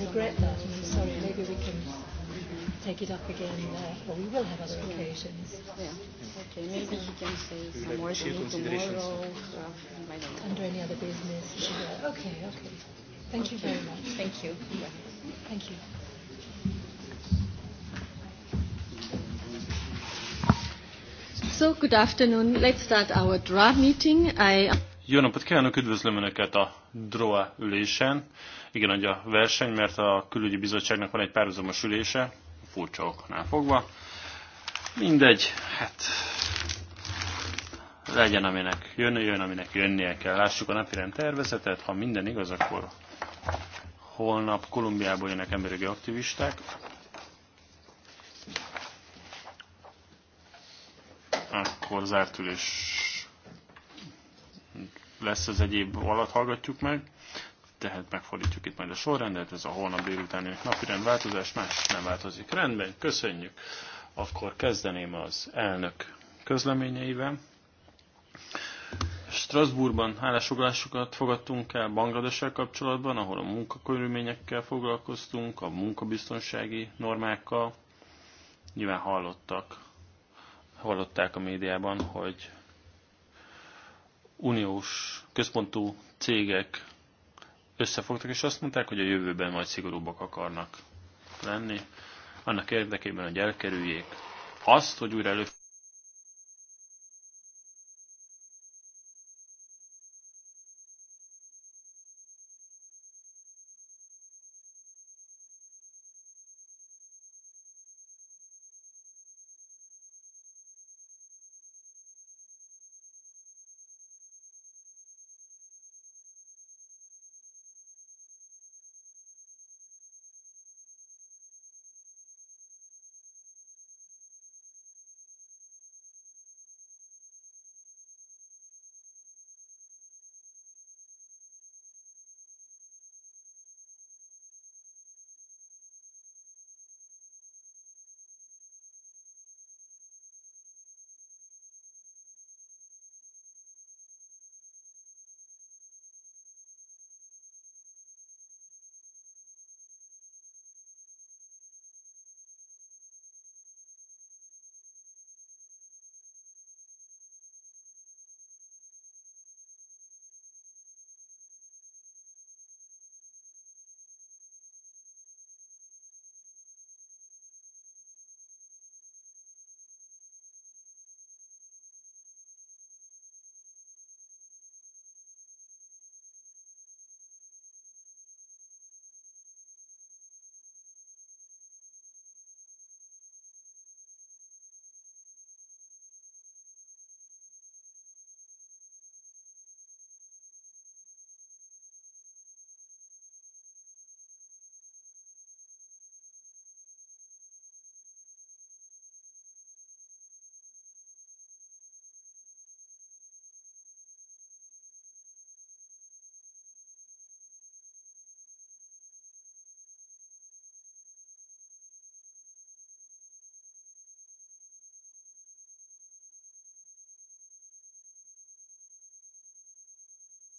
regret that. I'm sorry. Maybe we can take it up again. Uh, or we will have other occasions. Yeah. Okay. Maybe you can say some more to me tomorrow. Uh, Under any other business. Okay. Okay. Thank you very much. Thank you. Thank you. So, good afternoon. Let's start our draft meeting. I Jó napot kívánok, üdvözlöm Önöket a DROA ülésen. Igen, hogy a verseny, mert a külügyi bizottságnak van egy párhuzamos ülése, furcsa oknál fogva. Mindegy, hát legyen aminek jön, jön, aminek jönnie kell. Lássuk a napirend tervezetet, ha minden igaz, akkor holnap Kolumbiából jönnek emberi aktivisták. Akkor zárt ülés lesz ez egy év alatt, hallgatjuk meg. Tehát megfordítjuk itt majd a sorrendet, ez a holnap délutáni napi változás, más nem változik. Rendben, köszönjük. Akkor kezdeném az elnök közleményeivel. Strasbourgban állásfoglalásokat fogadtunk el Bangladessel kapcsolatban, ahol a munkakörülményekkel foglalkoztunk, a munkabiztonsági normákkal. Nyilván hallottak, hallották a médiában, hogy uniós központú cégek összefogtak, és azt mondták, hogy a jövőben majd szigorúbbak akarnak lenni, annak érdekében, hogy elkerüljék azt, hogy újra előfordulják.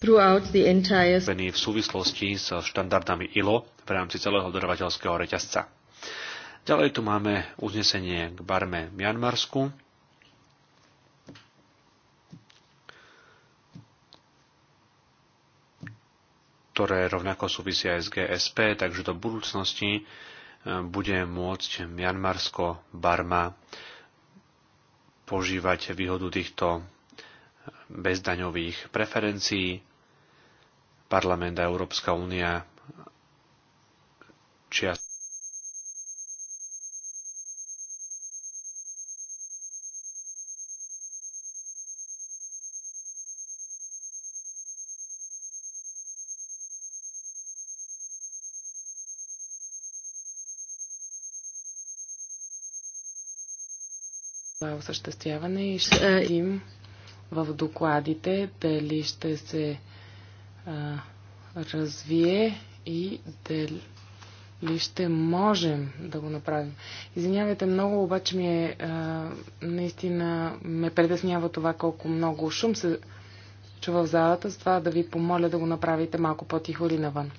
v súvislosti s štandardami ILO v rámci celého dodavateľského reťazca. Ďalej tu máme uznesenie k barme Mianmarsku. ktoré rovnako súvisia aj s GSP, takže do budúcnosti bude môcť Mianmarsko Barma požívať výhodu týchto bezdaňových preferencií parlament a Európska únia čias е осъществяване и ще видим в докладите дали ще се развие и дали ще можем да го направим. Извинявайте много, обаче ми е а, наистина ме притеснява това колко много шум се чува в залата, затова да ви помоля да го направите малко по-тихо или навън.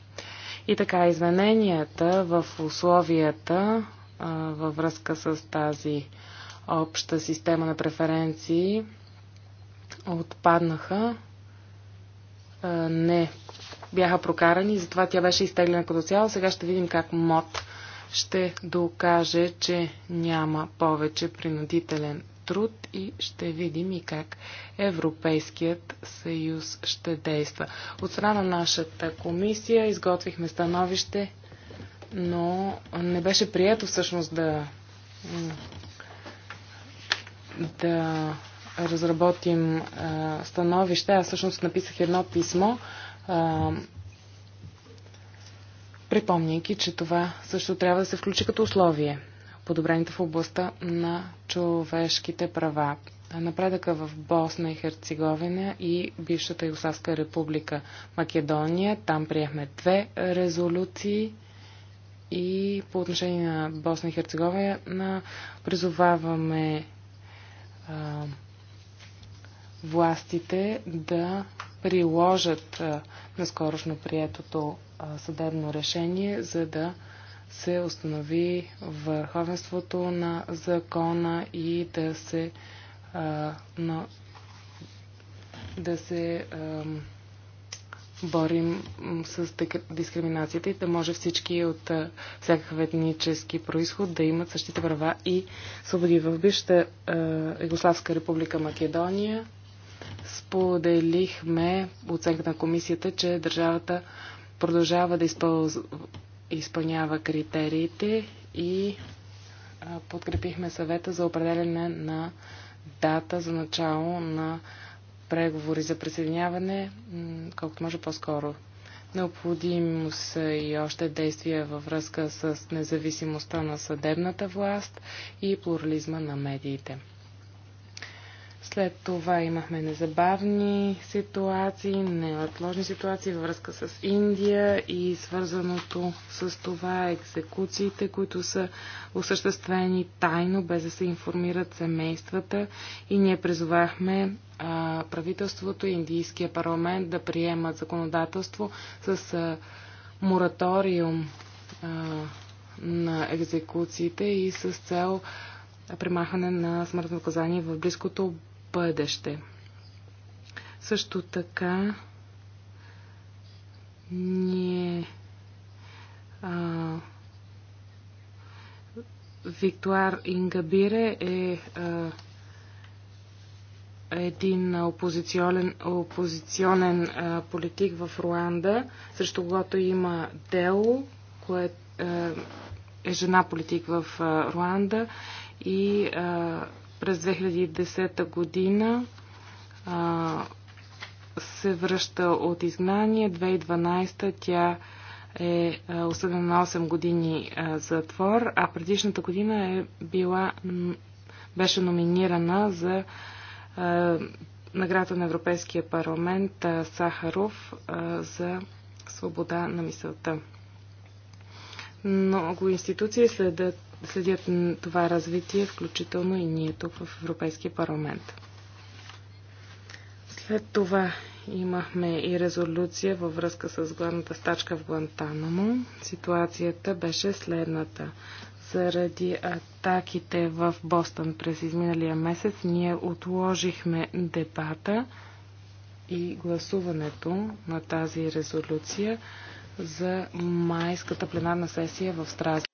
И така, измененията в условията а, във връзка с тази обща система на преференции отпаднаха не бяха прокарани, затова тя беше изтеглена като цяло. Сега ще видим как МОД ще докаже, че няма повече принудителен труд и ще видим и как Европейският съюз ще действа. От страна на нашата комисия изготвихме становище, но не беше прието всъщност да да разработим а, становище. Аз всъщност написах едно писмо, а, припомняйки, че това също трябва да се включи като условие. Подобрените в областта на човешките права. Напредъка в Босна и Херцеговина и бившата Югославска република Македония. Там приехме две резолюции и по отношение на Босна и Херцеговина призоваваме властите да приложат наскорошно приетото съдебно решение, за да се установи върховенството на закона и да се на, да се борим с дискриминацията и да може всички от всякакъв етнически происход да имат същите права и свободи. В бившата Югославска република Македония споделихме оценката на комисията, че държавата продължава да изпълнява критериите и подкрепихме съвета за определене на дата за начало на преговори за присъединяване колкото може по-скоро. Необходимо са и още действия във връзка с независимостта на съдебната власт и плурализма на медиите. След това имахме незабавни ситуации, неотложни ситуации във връзка с Индия и свързаното с това екзекуциите, които са осъществени тайно, без да се информират семействата. И ние призовахме а, правителството и Индийския парламент да приемат законодателство с а, мораториум а, на екзекуциите и с цел премахване на смъртно наказание в близкото бъдеще. Също така ние а, Виктуар Ингабире е а, един опозиционен, опозиционен а, политик в Руанда, срещу когато има дело, което е жена политик в а, Руанда и а, през 2010 година а, се връща от изгнание. 2012 тя е осъдена на 8 години затвор, а предишната година е била, беше номинирана за награда на Европейския парламент Сахаров за свобода на мисълта. Много институции следят следят това развитие, включително и ние тук в Европейския парламент. След това имахме и резолюция във връзка с главната стачка в Гуантанамо. Ситуацията беше следната. Заради атаките в Бостон през изминалия месец ние отложихме дебата и гласуването на тази резолюция за майската пленарна сесия в Страсбург.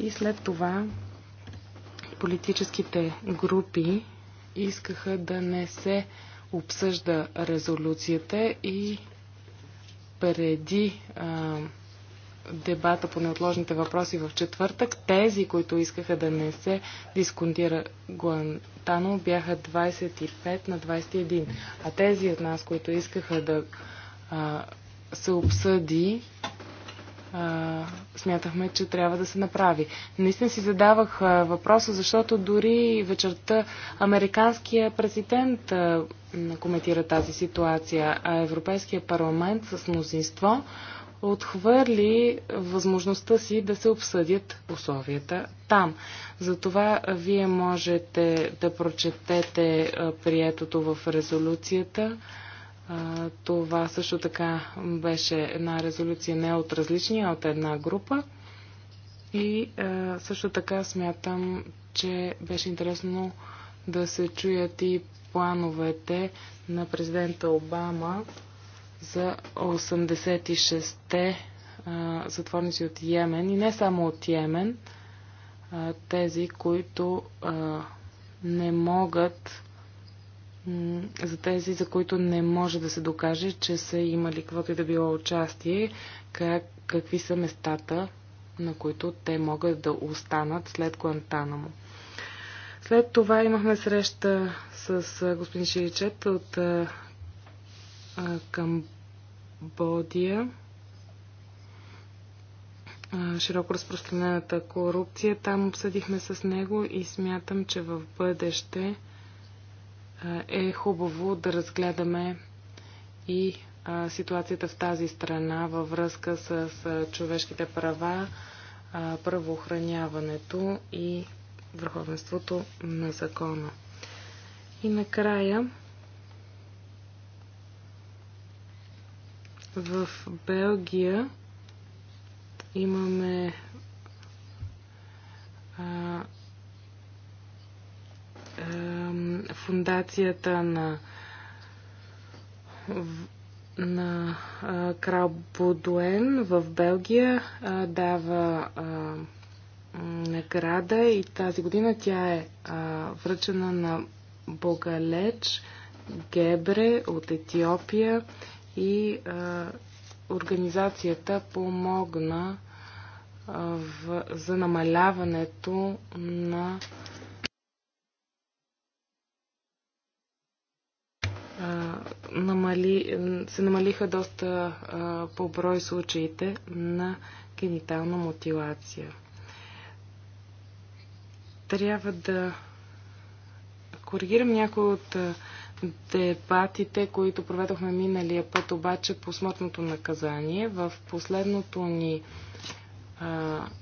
И след това политическите групи искаха да не се обсъжда резолюцията и преди а, дебата по неотложните въпроси в четвъртък, тези, които искаха да не се дисконтира Гуантано, бяха 25 на 21. А тези от нас, които искаха да а, се обсъди а, смятахме, че трябва да се направи. Наистина си задавах а, въпроса, защото дори вечерта американския президент а, коментира тази ситуация, а Европейския парламент с мнозинство отхвърли възможността си да се обсъдят условията там. Затова вие можете да прочетете приетото в резолюцията това също така беше една резолюция не от различни, а от една група. И също така смятам, че беше интересно да се чуят и плановете на президента Обама за 86-те затворници от Йемен и не само от Йемен, тези, които не могат за тези, за които не може да се докаже, че са имали каквото и да било участие, как, какви са местата, на които те могат да останат след Гуантанамо. След това имахме среща с господин Ширичет от а, Камбодия. А, широко разпространената корупция. Там обсъдихме с него и смятам, че в бъдеще е, е хубаво да разгледаме и ситуацията в тази страна във връзка с човешките права, правоохраняването и върховенството на закона. И накрая в Белгия имаме фундацията на на крал Бодуен в Белгия дава награда и тази година тя е връчена на Богалеч Гебре от Етиопия и организацията помогна в, за намаляването на намали, се намалиха доста по брой случаите на генитална мутилация. Трябва да коригирам някои от дебатите, които проведохме миналия път, обаче по смъртното наказание. В последното ни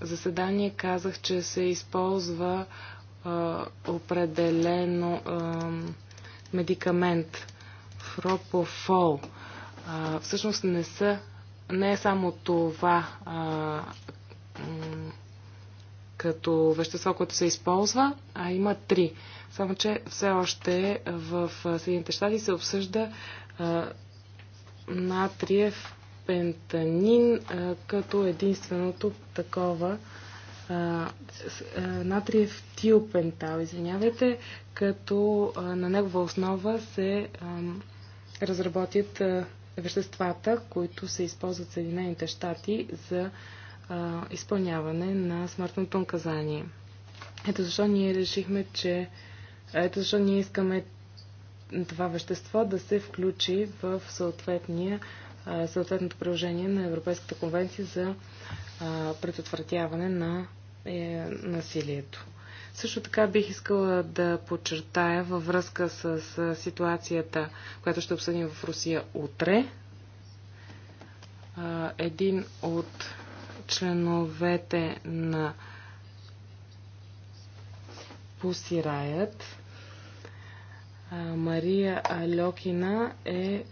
заседание казах, че се използва определено медикамент пропофол. всъщност не, са, не е само това а, като вещество, което се използва, а има три. Само, че все още в Съединените щати се обсъжда а, натриев пентанин а, като единственото такова а, натриев тиопентал, извинявайте, като а, на негова основа се а, разработят веществата, които се използват в Съединените щати за изпълняване на смъртното наказание. Ето защо ние решихме, че ето защо ние искаме това вещество да се включи в съответния, съответното приложение на Европейската конвенция за предотвратяване на е, насилието. Също така бих искала да подчертая във връзка с ситуацията, която ще обсъдим в Русия утре. Един от членовете на Пусираят, Мария Алекина е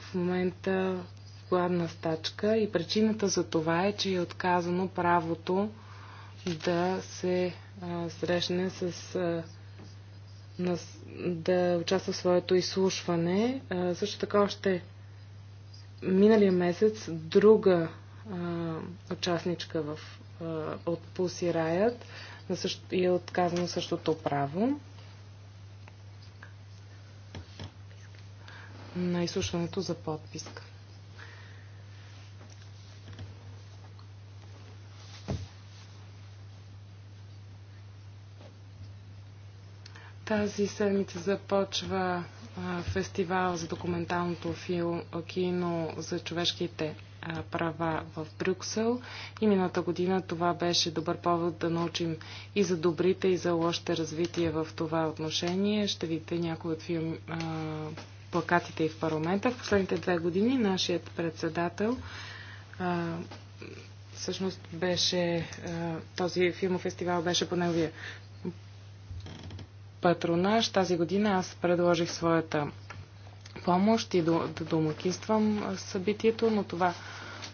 в момента в гладна стачка и причината за това е, че е отказано правото да се а, срещне с. А, на, да участва в своето изслушване. А, също така още миналия месец друга а, участничка в, а, от Пуси Раят е отказано същото право. На изслушването за подписка. Тази седмица започва фестивал за документалното кино за човешките права в Брюксел. И миналата година това беше добър повод да научим и за добрите, и за лошите развитие в това отношение. Ще видите някои от филм, а, плакатите и в парламента. В последните две години нашият председател всъщност беше, този филмофестивал беше по неговия патронаж тази година аз предложих своята помощ и да домакинствам събитието, но това,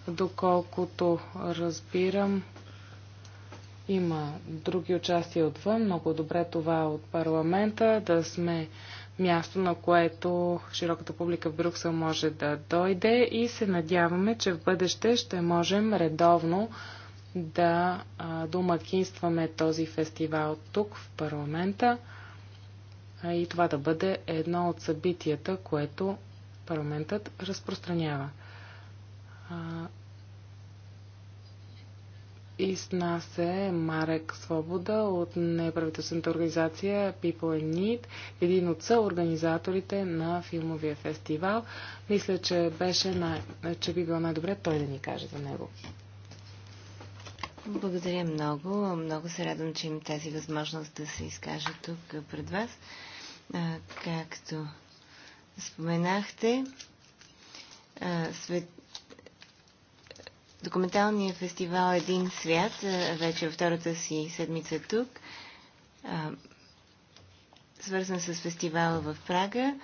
доколкото разбирам, има други участия отвън. Много добре това е от парламента, да сме място, на което широката публика в Брюксел може да дойде и се надяваме, че в бъдеще ще можем редовно да домакинстваме този фестивал тук в парламента и това да бъде едно от събитията, което парламентът разпространява. И с нас е Марек Свобода от неправителствената организация People in Need, един от съорганизаторите на филмовия фестивал. Мисля, че, беше най- че би било най-добре той да ни каже за него. Благодаря много. Много се радвам, че им тази възможност да се изкажа тук пред вас както споменахте, свет... документалният фестивал е Един свят, вече във втората си седмица тук, свързан с фестивала в Прага,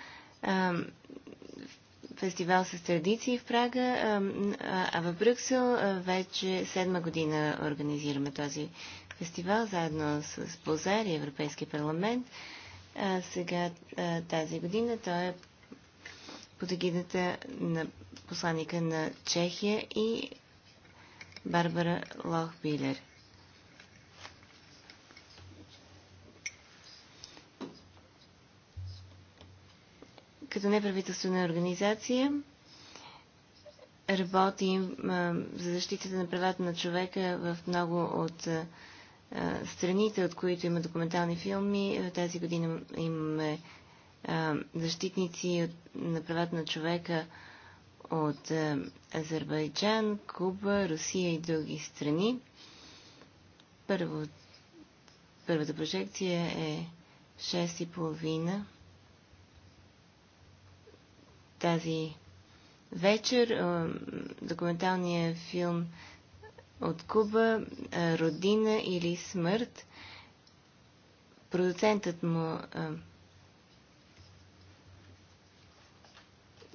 фестивал с традиции в Прага, а в Брюксел вече седма година организираме този фестивал, заедно с Бозар и Европейския парламент. А сега а, тази година той е под егидата на посланника на Чехия и Барбара Лохбилер. Като неправителствена организация работим а, за защитата на правата на човека в много от а, страните, от които има документални филми. Тази година имаме защитници на правата на човека от Азербайджан, Куба, Русия и други страни. Първо, първата прожекция е 6.30 тази вечер. Документалният филм от Куба, родина или смърт, продуцентът му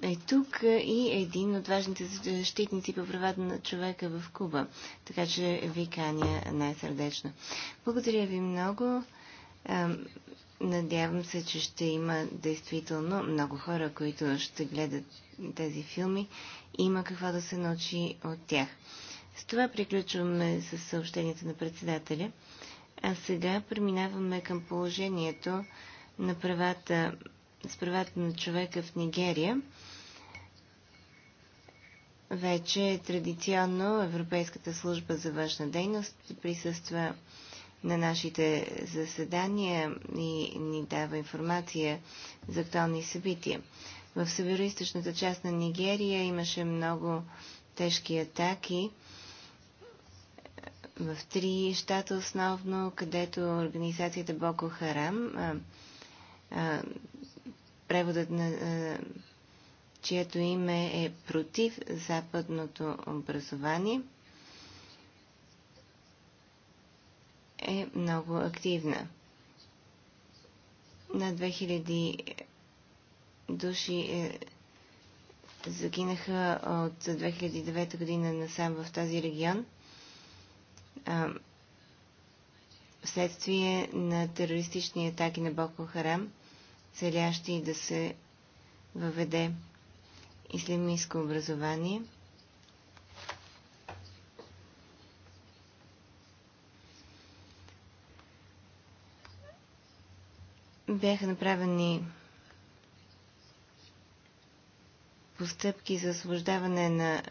е тук и е един от важните защитници по правата на човека в Куба. Така че ви каня най-сърдечно. Благодаря ви много. Надявам се, че ще има действително много хора, които ще гледат тези филми има какво да се научи от тях. С това приключваме с съобщението на председателя. А сега преминаваме към положението на правата, с правата на човека в Нигерия. Вече традиционно Европейската служба за външна дейност присъства на нашите заседания и ни дава информация за актуални събития. В северо част на Нигерия имаше много тежки атаки в три щата основно, където организацията Боко Харам, а, а, преводът на а, чието име е против западното образование, е много активна. На 2000 души е, загинаха от 2009 година насам в тази регион – Вследствие следствие на терористични атаки на Боко Харам, целящи да се въведе ислямистско образование. Бяха направени постъпки за освобождаване на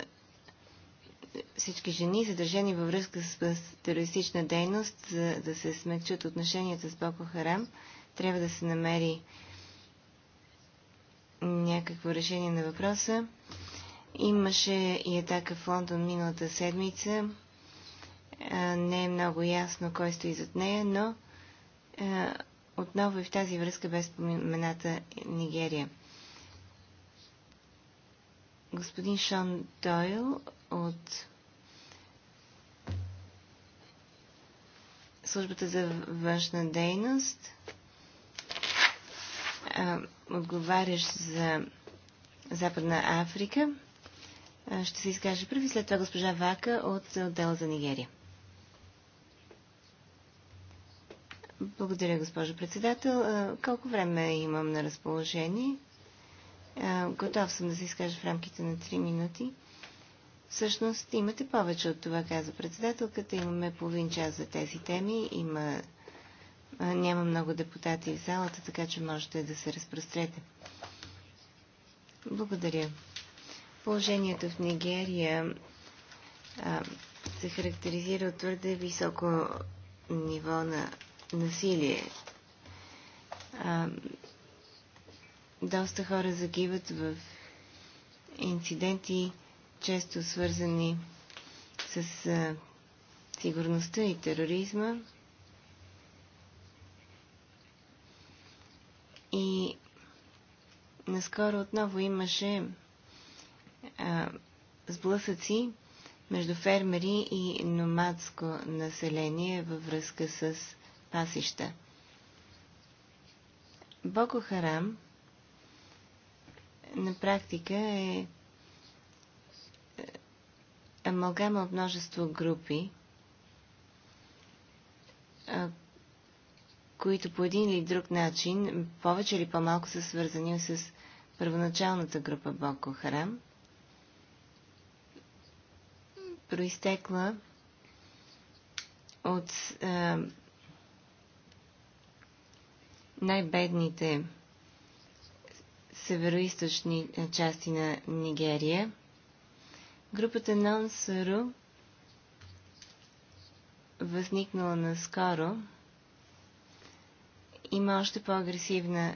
всички жени, задържани във връзка с терористична дейност, за да се смекчат отношенията с Боко Харам, трябва да се намери някакво решение на въпроса. Имаше и атака в Лондон миналата седмица. Не е много ясно кой стои зад нея, но отново и в тази връзка без спомената Нигерия. Господин Шон Дойл от службата за външна дейност, отговарящ за Западна Африка, ще се изкаже първи, след това госпожа Вака от отдела за Нигерия. Благодаря, госпожо председател. Колко време имам на разположение? Готов съм да се изкажа в рамките на 3 минути. Всъщност имате повече от това, каза председателката. Имаме половин час за тези теми. Има... Няма много депутати в залата, така че можете да се разпрострете. Благодаря. Положението в Нигерия а, се характеризира от твърде високо ниво на насилие. А, доста хора загиват в инциденти често свързани с сигурността и тероризма. И наскоро отново имаше а, сблъсъци между фермери и номадско население във връзка с пасища. Боко Харам на практика е амалгама от множество групи, които по един или друг начин, повече или по-малко са свързани с първоначалната група Боко Харам, произтекла от най-бедните североисточни части на Нигерия – Групата non възникнала наскоро, има още по-агресивна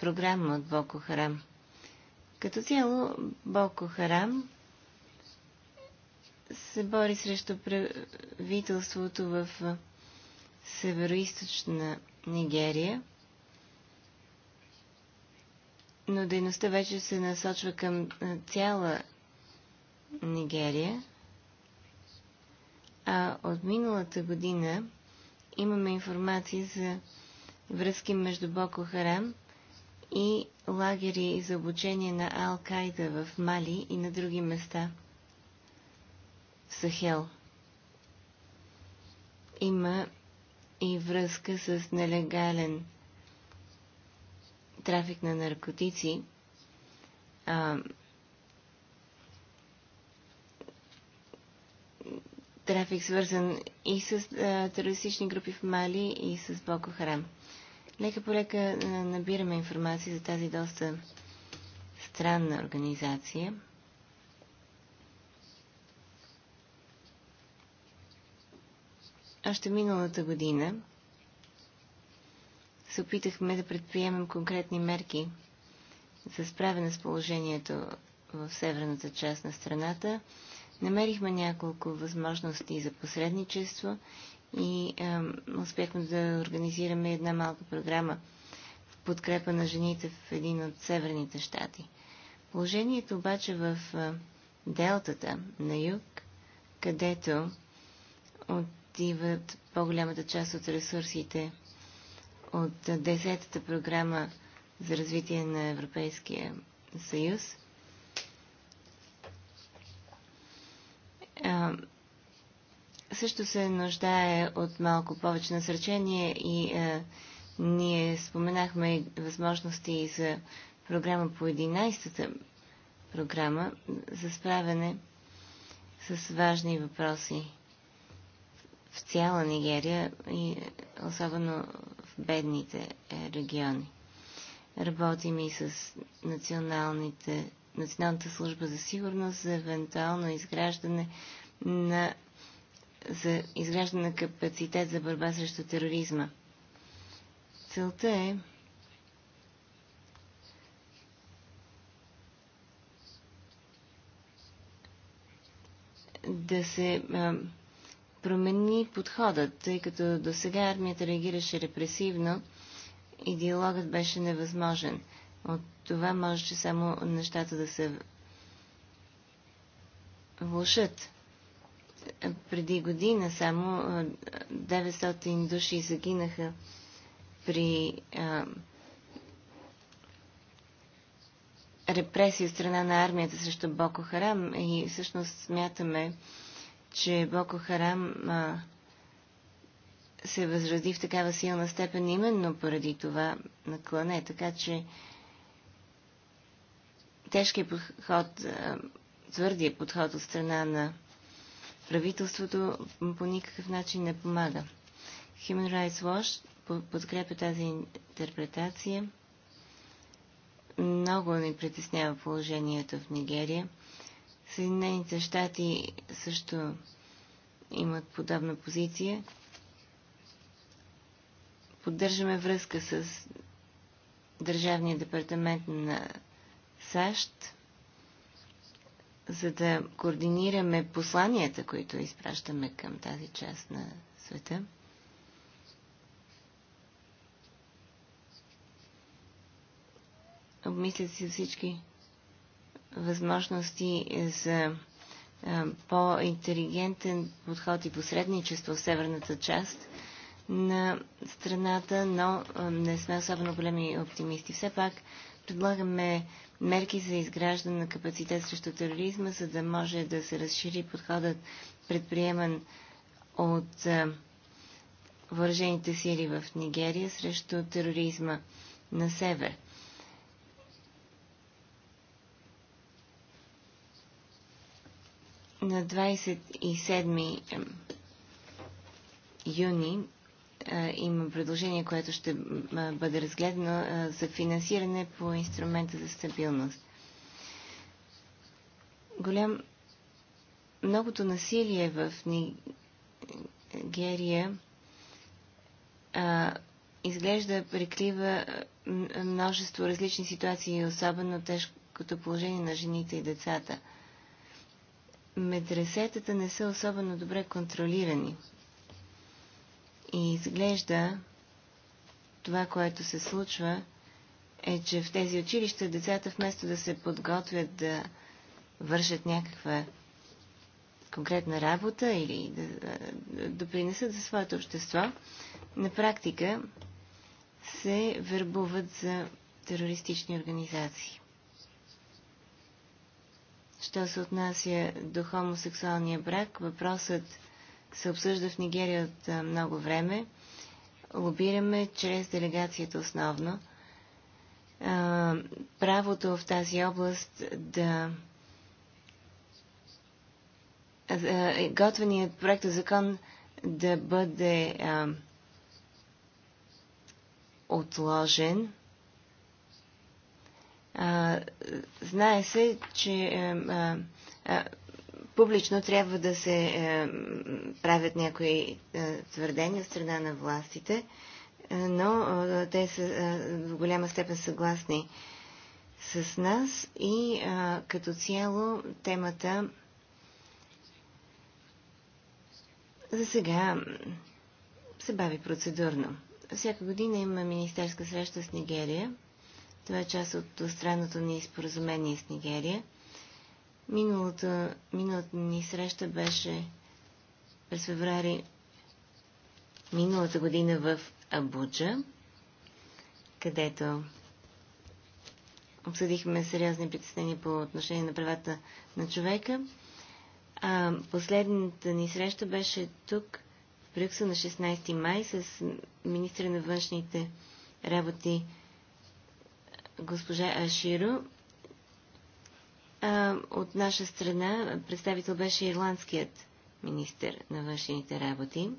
програма от Боко Харам. Като цяло Боко Харам се бори срещу правителството в северо Нигерия – но дейността вече се насочва към цяла Нигерия. А от миналата година имаме информация за връзки между Боко Харам и лагери за обучение на Ал-Кайда в Мали и на други места в Сахел. Има и връзка с нелегален трафик на наркотици, а, трафик свързан и с а, терористични групи в Мали и с Боко Харам. Нека полека набираме информация за тази доста странна организация. Още миналата година се опитахме да предприемем конкретни мерки за справяне с положението в северната част на страната. Намерихме няколко възможности за посредничество и е, успяхме да организираме една малка програма в подкрепа на жените в един от северните щати. Положението обаче в е, Делтата на юг, където отиват по-голямата част от ресурсите от 10-та програма за развитие на Европейския съюз. също се нуждае от малко повече насръчение и а, ние споменахме възможности за програма по 11-та програма за справяне с важни въпроси в цяла Нигерия и особено бедните е, региони. Работим и с националните, Националната служба за сигурност за евентуално изграждане на за изграждане на капацитет за борба срещу тероризма. Целта е да се промени подходът, тъй като до сега армията реагираше репресивно и диалогът беше невъзможен. От това можеше само нещата да се влушат. Преди година само 900 души загинаха при а, репресия страна на армията срещу Боко Харам и всъщност смятаме, че Боко Харам а, се възради в такава силна степен именно поради това наклане. Така че тежкият подход, а, твърдият подход от страна на правителството по никакъв начин не помага. Human Rights Watch подкрепя тази интерпретация. Много ни притеснява положението в Нигерия. Съединените щати също имат подобна позиция. Поддържаме връзка с Държавния департамент на САЩ, за да координираме посланията, които изпращаме към тази част на света. Обмислят си всички възможности за по-интелигентен подход и посредничество в северната част на страната, но не сме особено големи оптимисти. Все пак предлагаме мерки за изграждане на капацитет срещу тероризма, за да може да се разшири подходът предприеман от въоръжените сили в Нигерия срещу тероризма на север. на 27 юни има предложение, което ще бъде разгледано за финансиране по инструмента за стабилност. Голям... Многото насилие в Нигерия а, изглежда прикрива множество различни ситуации, особено тежкото положение на жените и децата – медресетата не са особено добре контролирани. И изглежда това, което се случва, е, че в тези училища децата вместо да се подготвят да вършат някаква конкретна работа или да допринесат да за своето общество, на практика се вербуват за терористични организации. Що се отнася до хомосексуалния брак, въпросът се обсъжда в Нигерия от много време. Лобираме чрез делегацията основно правото в тази област да готвеният проект закон да бъде отложен а, знае се, че е, а, а, публично трябва да се а, е, правят някои а, е, твърдения от страна на властите, а, но а, те са а, в голяма степен съгласни с нас и а, като цяло темата за сега се бави процедурно. Всяка година има министерска среща с Нигерия. Това е част от странното ни споразумение с Нигерия. Миналата, миналата ни среща беше през феврари миналата година в Абуджа, където обсъдихме сериозни притеснения по отношение на правата на човека. А последната ни среща беше тук, в Брюксел на 16 май, с министра на външните работи госпожа Аширо. От наша страна представител беше ирландският министр на външните работи.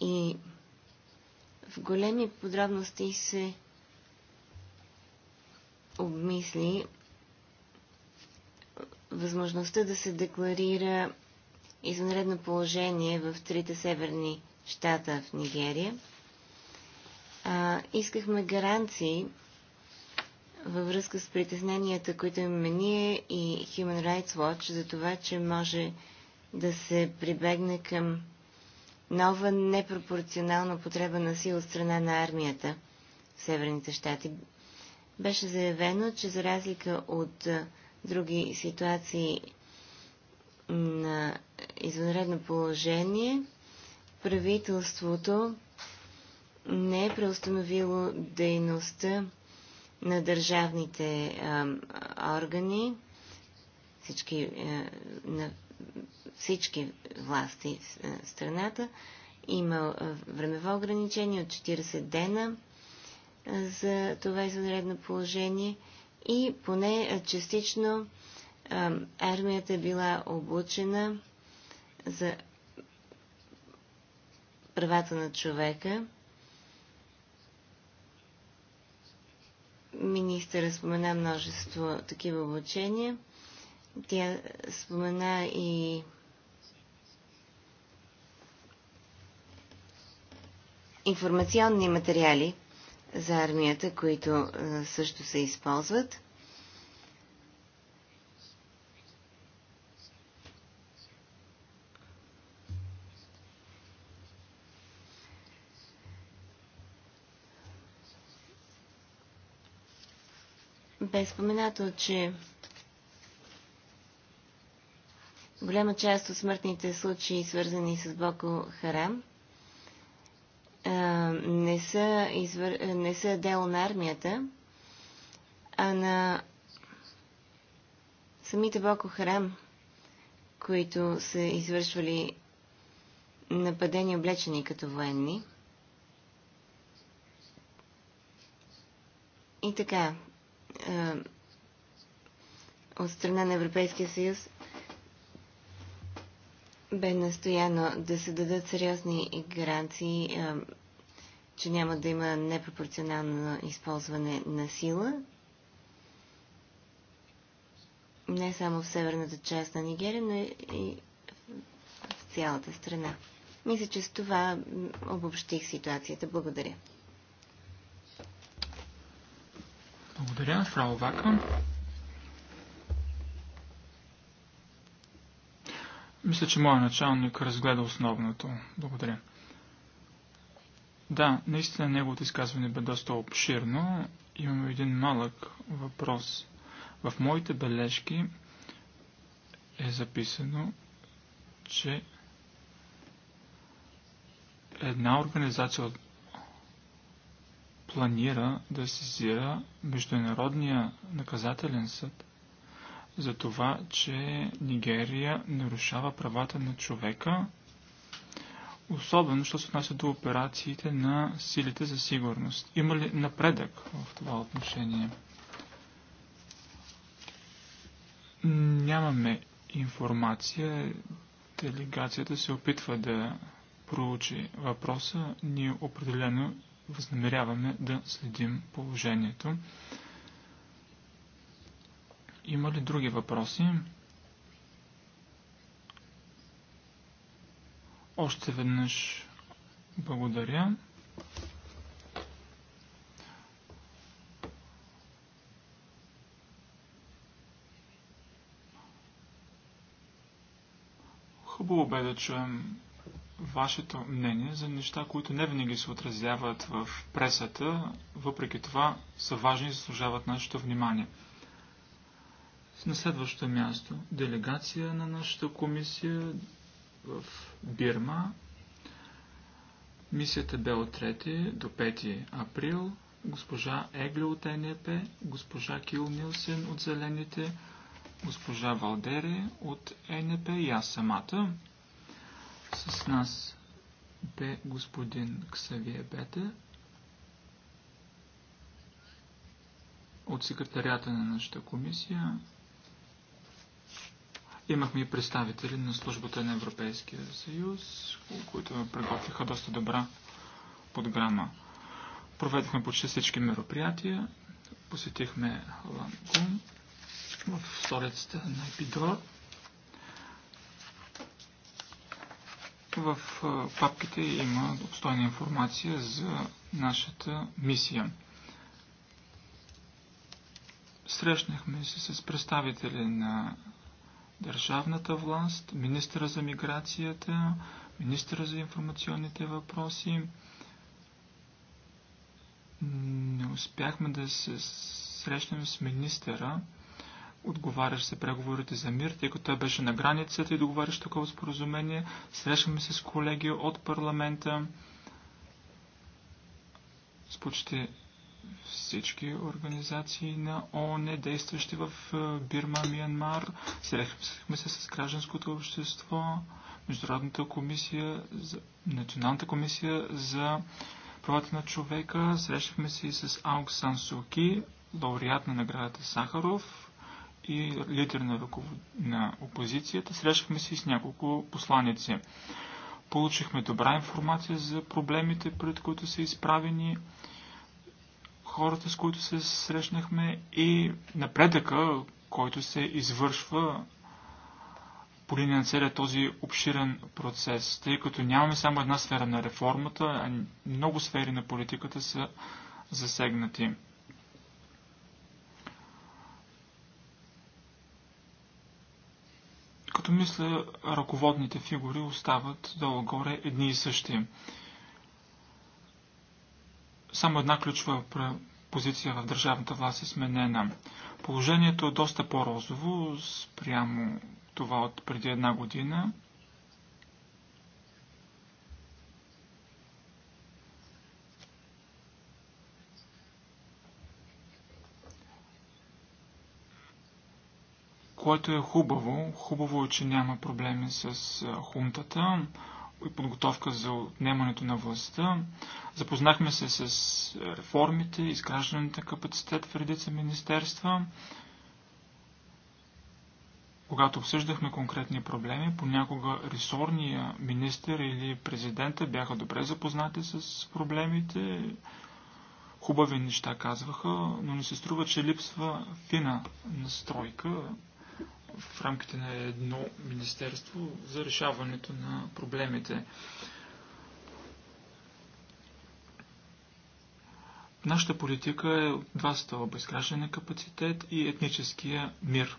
И в големи подробности се обмисли възможността да се декларира извънредно положение в трите северни щата в Нигерия – а, искахме гаранции във връзка с притесненията, които имаме ние и Human Rights Watch за това, че може да се прибегне към нова непропорционална потреба на сила от страна на армията в Северните щати. Беше заявено, че за разлика от други ситуации на извънредно положение, правителството не е преустановило дейността на държавните а, органи, всички, а, на всички власти в страната. Има времево ограничение от 40 дена за това извънредно положение и поне частично а, армията е била обучена за правата на човека Министъра спомена множество такива обучения. Тя спомена и информационни материали за армията, които също се използват. бе споменато, че голяма част от смъртните случаи, свързани с Боко Харам, не са, извър... не са дело на армията, а на самите Боко Харам, които са извършвали нападени, облечени като военни. И така, е, от страна на Европейския съюз бе настояно да се дадат сериозни гаранции, е, че няма да има непропорционално използване на сила. Не само в северната част на Нигерия, но и в цялата страна. Мисля, че с това обобщих ситуацията. Благодаря. Благодаря, фрау Вака. Мисля, че моят началник разгледа основното. Благодаря. Да, наистина неговото изказване бе доста обширно. Имам един малък въпрос. В моите бележки е записано, че една организация от планира да сезира Международния наказателен съд за това, че Нигерия нарушава правата на човека, особено, що се отнася до операциите на силите за сигурност. Има ли напредък в това отношение? Нямаме информация. Делегацията се опитва да проучи въпроса. Ние определено възнамеряваме да следим положението. Има ли други въпроси? Още веднъж благодаря. Хубаво бе да чуем вашето мнение за неща, които не винаги се отразяват в пресата, въпреки това са важни и заслужават нашето внимание. На следващото място, делегация на нашата комисия в Бирма. Мисията бе от 3 до 5 април. Госпожа Егли от НЕП, госпожа Кил Нилсен от Зелените, госпожа Валдере от НЕП и аз самата. С нас бе господин Ксавие Бете от секретарията на нашата комисия. Имахме и представители на службата на Европейския съюз, които приготвиха доста добра подграма. Проведохме почти всички мероприятия. Посетихме Ланкун в столицата на Епидор. В папките има обстойна информация за нашата мисия. Срещнахме се с представители на държавната власт, министра за миграцията, министра за информационните въпроси. Не успяхме да се срещнем с министера отговарящ за преговорите за мир, тъй като той беше на границата и договарящ такова споразумение. Срещаме се с колеги от парламента, с почти всички организации на ООН, действащи в е, Бирма, Миянмар. Срещаме се с гражданското общество, Международната комисия, за... Националната комисия за правата на човека. Срещахме се и с Аук Сан Суки, лауреат на наградата Сахаров, и лидер на, ръков... на опозицията, срещахме се и с няколко посланици. Получихме добра информация за проблемите, пред които са изправени хората, с които се срещнахме и напредъка, който се извършва по линия на целият този обширен процес, тъй като нямаме само една сфера на реформата, а много сфери на политиката са засегнати. като мисля, ръководните фигури остават долу-горе едни и същи. Само една ключова позиция в държавната власт е сменена. Положението е доста по-розово спрямо това от преди една година. което е хубаво. Хубаво е, че няма проблеми с хунтата и подготовка за отнемането на властта. Запознахме се с реформите, изграждането на капацитет в редица министерства. Когато обсъждахме конкретни проблеми, понякога ресорния министр или президента бяха добре запознати с проблемите, хубави неща казваха, но не се струва, че липсва фина настройка, в рамките на едно министерство за решаването на проблемите. Нашата политика е от два стълба – изграждане капацитет и етническия мир.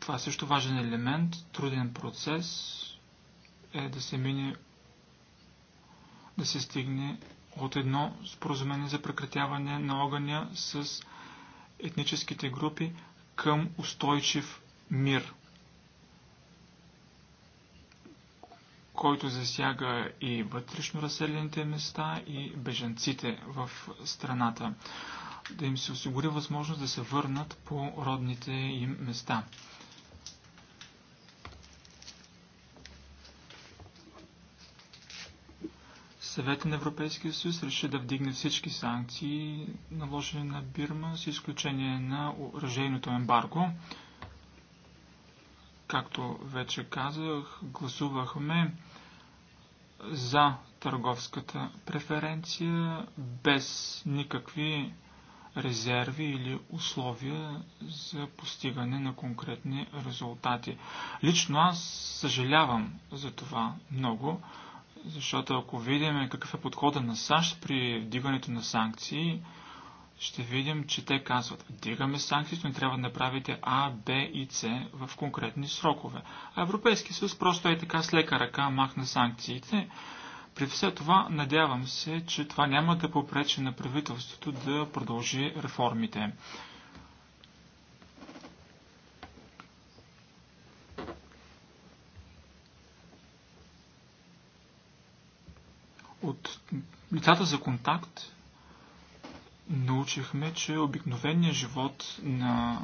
Това е също важен елемент, труден процес е да се мине, да се стигне от едно споразумение за прекратяване на огъня с етническите групи към устойчив мир, който засяга и вътрешно разселените места и беженците в страната, да им се осигури възможност да се върнат по родните им места. Съвета на Европейския съюз реши да вдигне всички санкции, наложени на Бирма, с изключение на оръжейното ембарго. Както вече казах, гласувахме за търговската преференция без никакви резерви или условия за постигане на конкретни резултати. Лично аз съжалявам за това много. Защото ако видим какъв е подходът на САЩ при вдигането на санкции, ще видим, че те казват, дигаме санкциите, но трябва да направите А, Б и С в конкретни срокове. А Европейски съюз просто е така с лека ръка махна санкциите. При все това, надявам се, че това няма да попречи на правителството да продължи реформите. От лицата за контакт научихме, че обикновеният живот на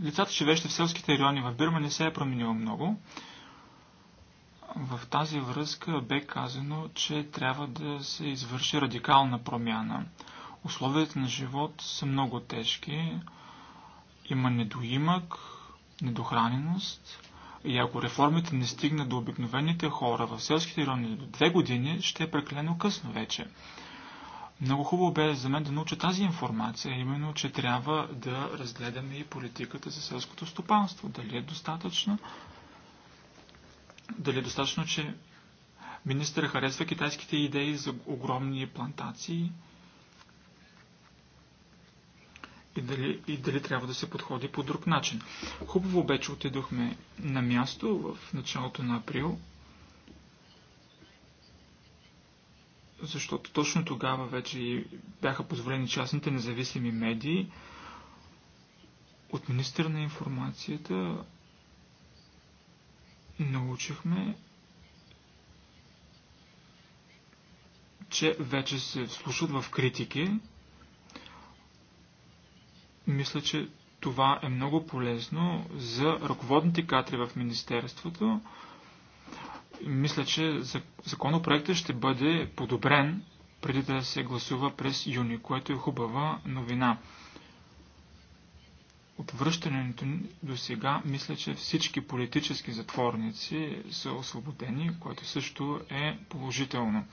лицата, живещи в селските райони в Бирма, не се е променил много. В тази връзка бе казано, че трябва да се извърши радикална промяна. Условията на живот са много тежки. Има недоимък, недохраненост. И ако реформите не стигнат до обикновените хора в селските райони до две години, ще е прекалено късно вече. Много хубаво бе за мен да науча тази информация, именно, че трябва да разгледаме и политиката за селското стопанство. Дали е достатъчно? Дали е достатъчно, че министър харесва китайските идеи за огромни плантации? и дали, и дали трябва да се подходи по друг начин. Хубаво бе, отидохме на място в началото на април, защото точно тогава вече бяха позволени частните независими медии от министър на информацията научихме, че вече се слушат в критики мисля, че това е много полезно за ръководните кадри в Министерството. Мисля, че законопроектът ще бъде подобрен преди да се гласува през юни, което е хубава новина. От връщането до сега, мисля, че всички политически затворници са освободени, което също е положително.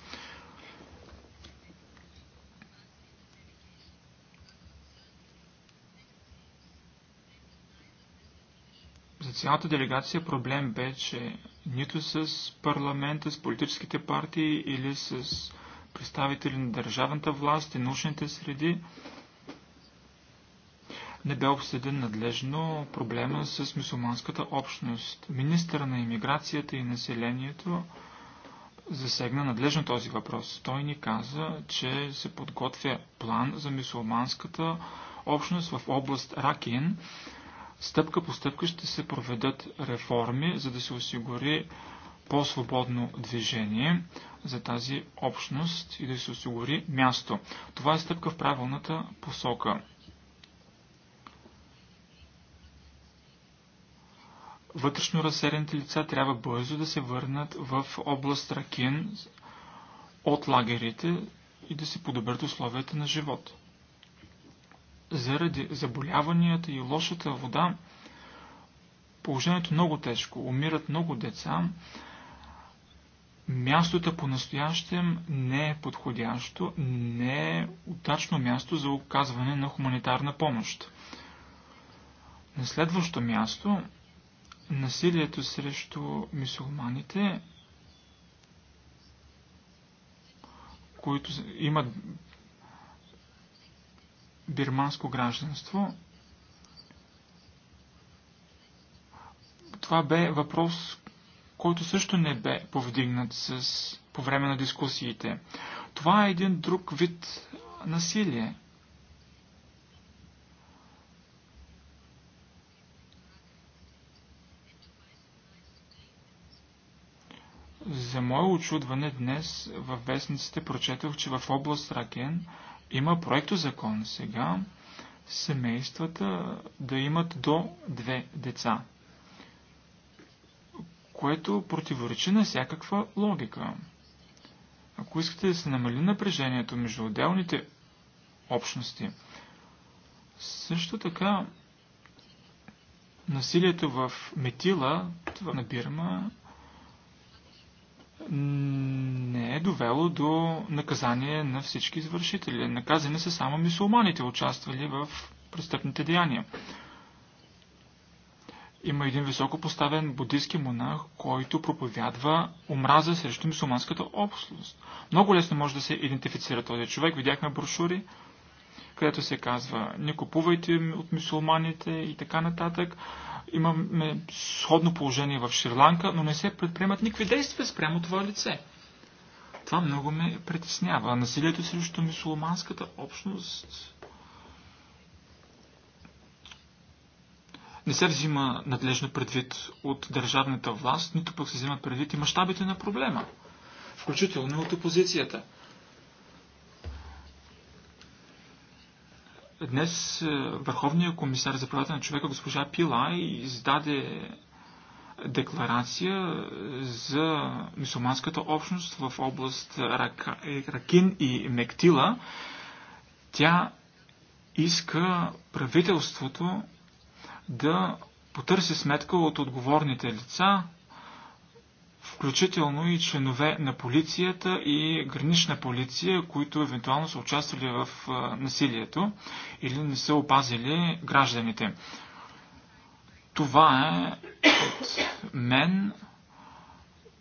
За цялата делегация проблем бе, че нито с парламента, с политическите партии или с представители на държавната власт и научните среди не бе обсъден надлежно проблема с мусулманската общност. Министър на иммиграцията и населението засегна надлежно този въпрос. Той ни каза, че се подготвя план за мусулманската общност в област Ракин, Стъпка по стъпка ще се проведат реформи, за да се осигури по-свободно движение за тази общност и да се осигури място. Това е стъпка в правилната посока. Вътрешно разсерените лица трябва бързо да се върнат в област Ракин от лагерите и да се подобрят условията на живот заради заболяванията и лошата вода положението е много тежко. Умират много деца. Мястото по-настоящем не е подходящо, не е удачно място за оказване на хуманитарна помощ. На следващо място, насилието срещу мисулманите, които имат бирманско гражданство. Това бе въпрос, който също не бе повдигнат с, по време на дискусиите. Това е един друг вид насилие. За мое очудване днес във вестниците прочетох, че в област Ракен има проекто закон сега семействата да имат до две деца, което противоречи на всякаква логика. Ако искате да се намали напрежението между отделните общности, също така насилието в Метила, това на Бирма, не е довело до наказание на всички извършители. Наказани са само мисулманите, участвали в престъпните деяния. Има един високо поставен буддийски монах, който проповядва омраза срещу мусулманската общност. Много лесно може да се идентифицира този човек. Видяхме брошури, където се казва не купувайте от мусулманите и така нататък. Имаме сходно положение в Шри-Ланка, но не се предприемат никакви действия спрямо това лице. Това много ме притеснява. Насилието срещу мусулманската общност не се взима надлежно предвид от държавната власт, нито пък се взима предвид и мащабите на проблема, включително и от опозицията. Днес е, Върховният комисар за правата на човека госпожа Пила издаде декларация е, за мусулманската общност в област е, Ракин и Мектила. Тя иска правителството да потърси сметка от отговорните лица, включително и членове на полицията и гранична полиция, които евентуално са участвали в насилието или не са опазили гражданите. Това е от мен.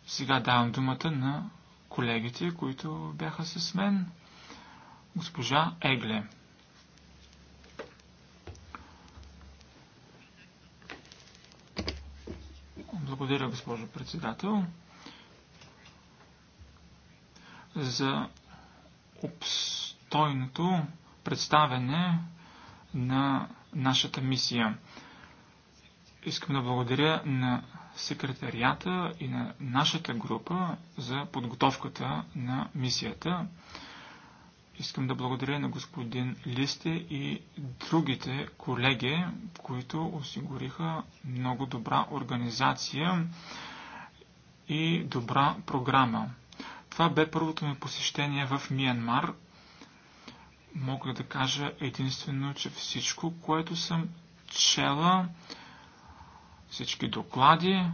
Сега давам думата на колегите, които бяха с мен. Госпожа Егле. Благодаря, госпожо председател за обстойното представяне на нашата мисия. Искам да благодаря на секретарията и на нашата група за подготовката на мисията. Искам да благодаря на господин Листе и другите колеги, които осигуриха много добра организация и добра програма. Това бе първото ми посещение в Миянмар. Мога да кажа единствено, че всичко, което съм чела, всички доклади,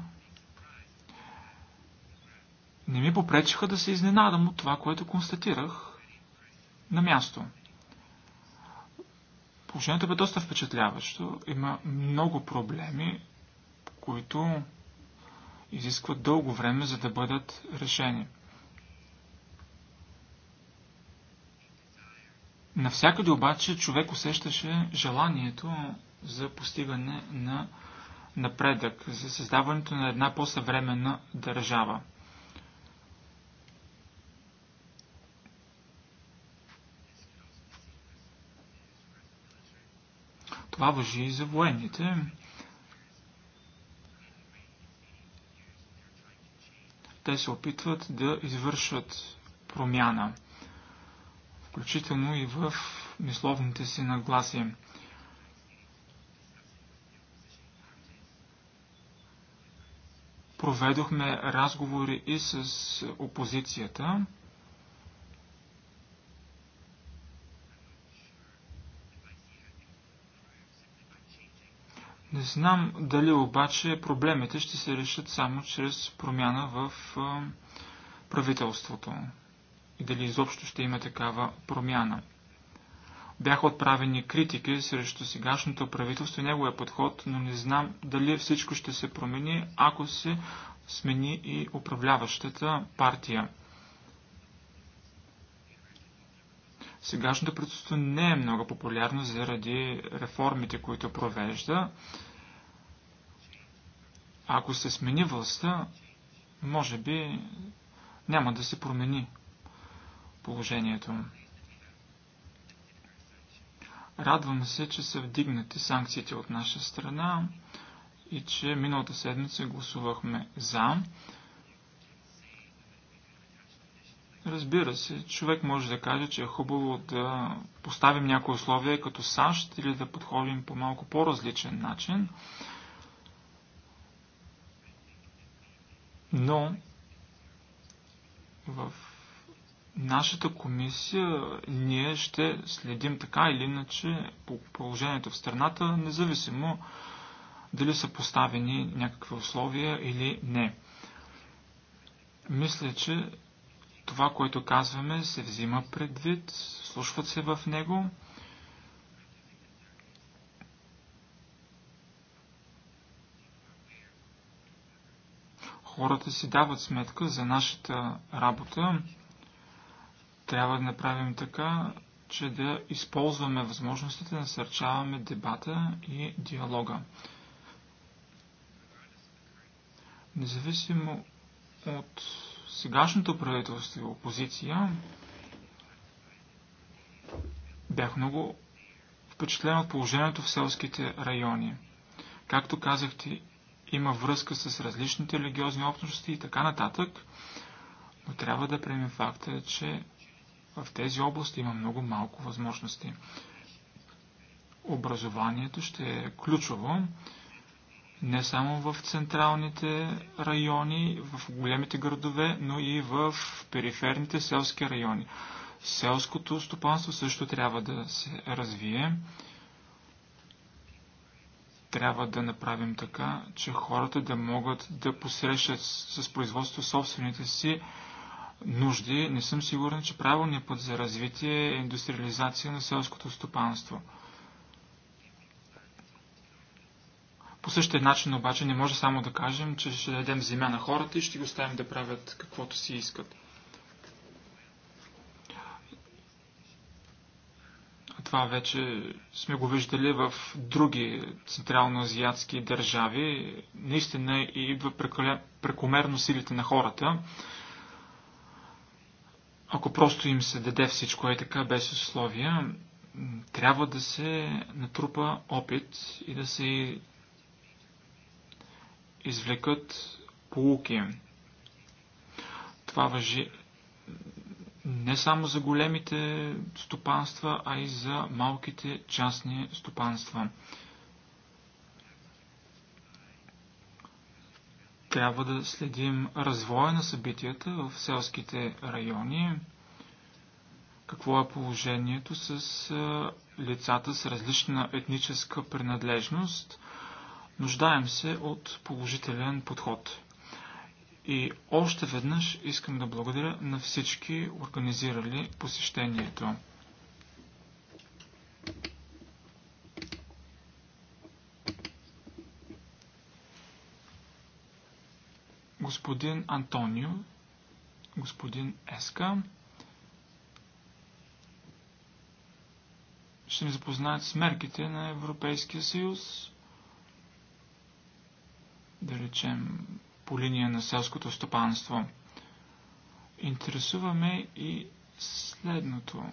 не ми попречиха да се изненадам от това, което констатирах на място. Положението бе доста впечатляващо. Има много проблеми, които изискват дълго време, за да бъдат решени. Навсякъде обаче човек усещаше желанието за постигане на напредък, за създаването на една по-съвременна държава. Това въжи и за военните. Те се опитват да извършат промяна включително и в мисловните си нагласи. Проведохме разговори и с опозицията. Не знам дали обаче проблемите ще се решат само чрез промяна в правителството и дали изобщо ще има такава промяна. Бяха отправени критики срещу сегашното правителство и неговия подход, но не знам дали всичко ще се промени, ако се смени и управляващата партия. Сегашното правителство не е много популярно заради реформите, които провежда. Ако се смени властта, може би няма да се промени положението. Радвам се, че са вдигнати санкциите от наша страна и че миналата седмица гласувахме за. Разбира се, човек може да каже, че е хубаво да поставим някои условия като САЩ или да подходим по малко по-различен начин. Но в нашата комисия, ние ще следим така или иначе по положението в страната, независимо дали са поставени някакви условия или не. Мисля, че това, което казваме, се взима предвид, слушват се в него. Хората си дават сметка за нашата работа. Трябва да направим така, че да използваме възможностите, да насърчаваме дебата и диалога. Независимо от сегашното правителство и опозиция, бях много впечатлен от положението в селските райони. Както казахте, има връзка с различните религиозни общности и така нататък, но трябва да приемем факта, че в тези области има много малко възможности. Образованието ще е ключово не само в централните райони, в големите градове, но и в периферните селски райони. Селското стопанство също трябва да се развие. Трябва да направим така, че хората да могат да посрещат с производство собствените си нужди, не съм сигурен, че правилният път за развитие е индустриализация на селското стопанство. По същия начин обаче не може само да кажем, че ще дадем земя на хората и ще го оставим да правят каквото си искат. А това вече сме го виждали в други централноазиатски държави. Наистина идва прекомерно силите на хората ако просто им се даде всичко е така, без условия, трябва да се натрупа опит и да се извлекат полуки. Това въжи не само за големите стопанства, а и за малките частни стопанства. Трябва да следим развоя на събитията в селските райони, какво е положението с лицата с различна етническа принадлежност. Нуждаем се от положителен подход. И още веднъж искам да благодаря на всички организирали посещението. господин Антонио, господин Еска. Ще ни запознаят с мерките на Европейския съюз, да речем по линия на селското стопанство. Интересуваме и следното.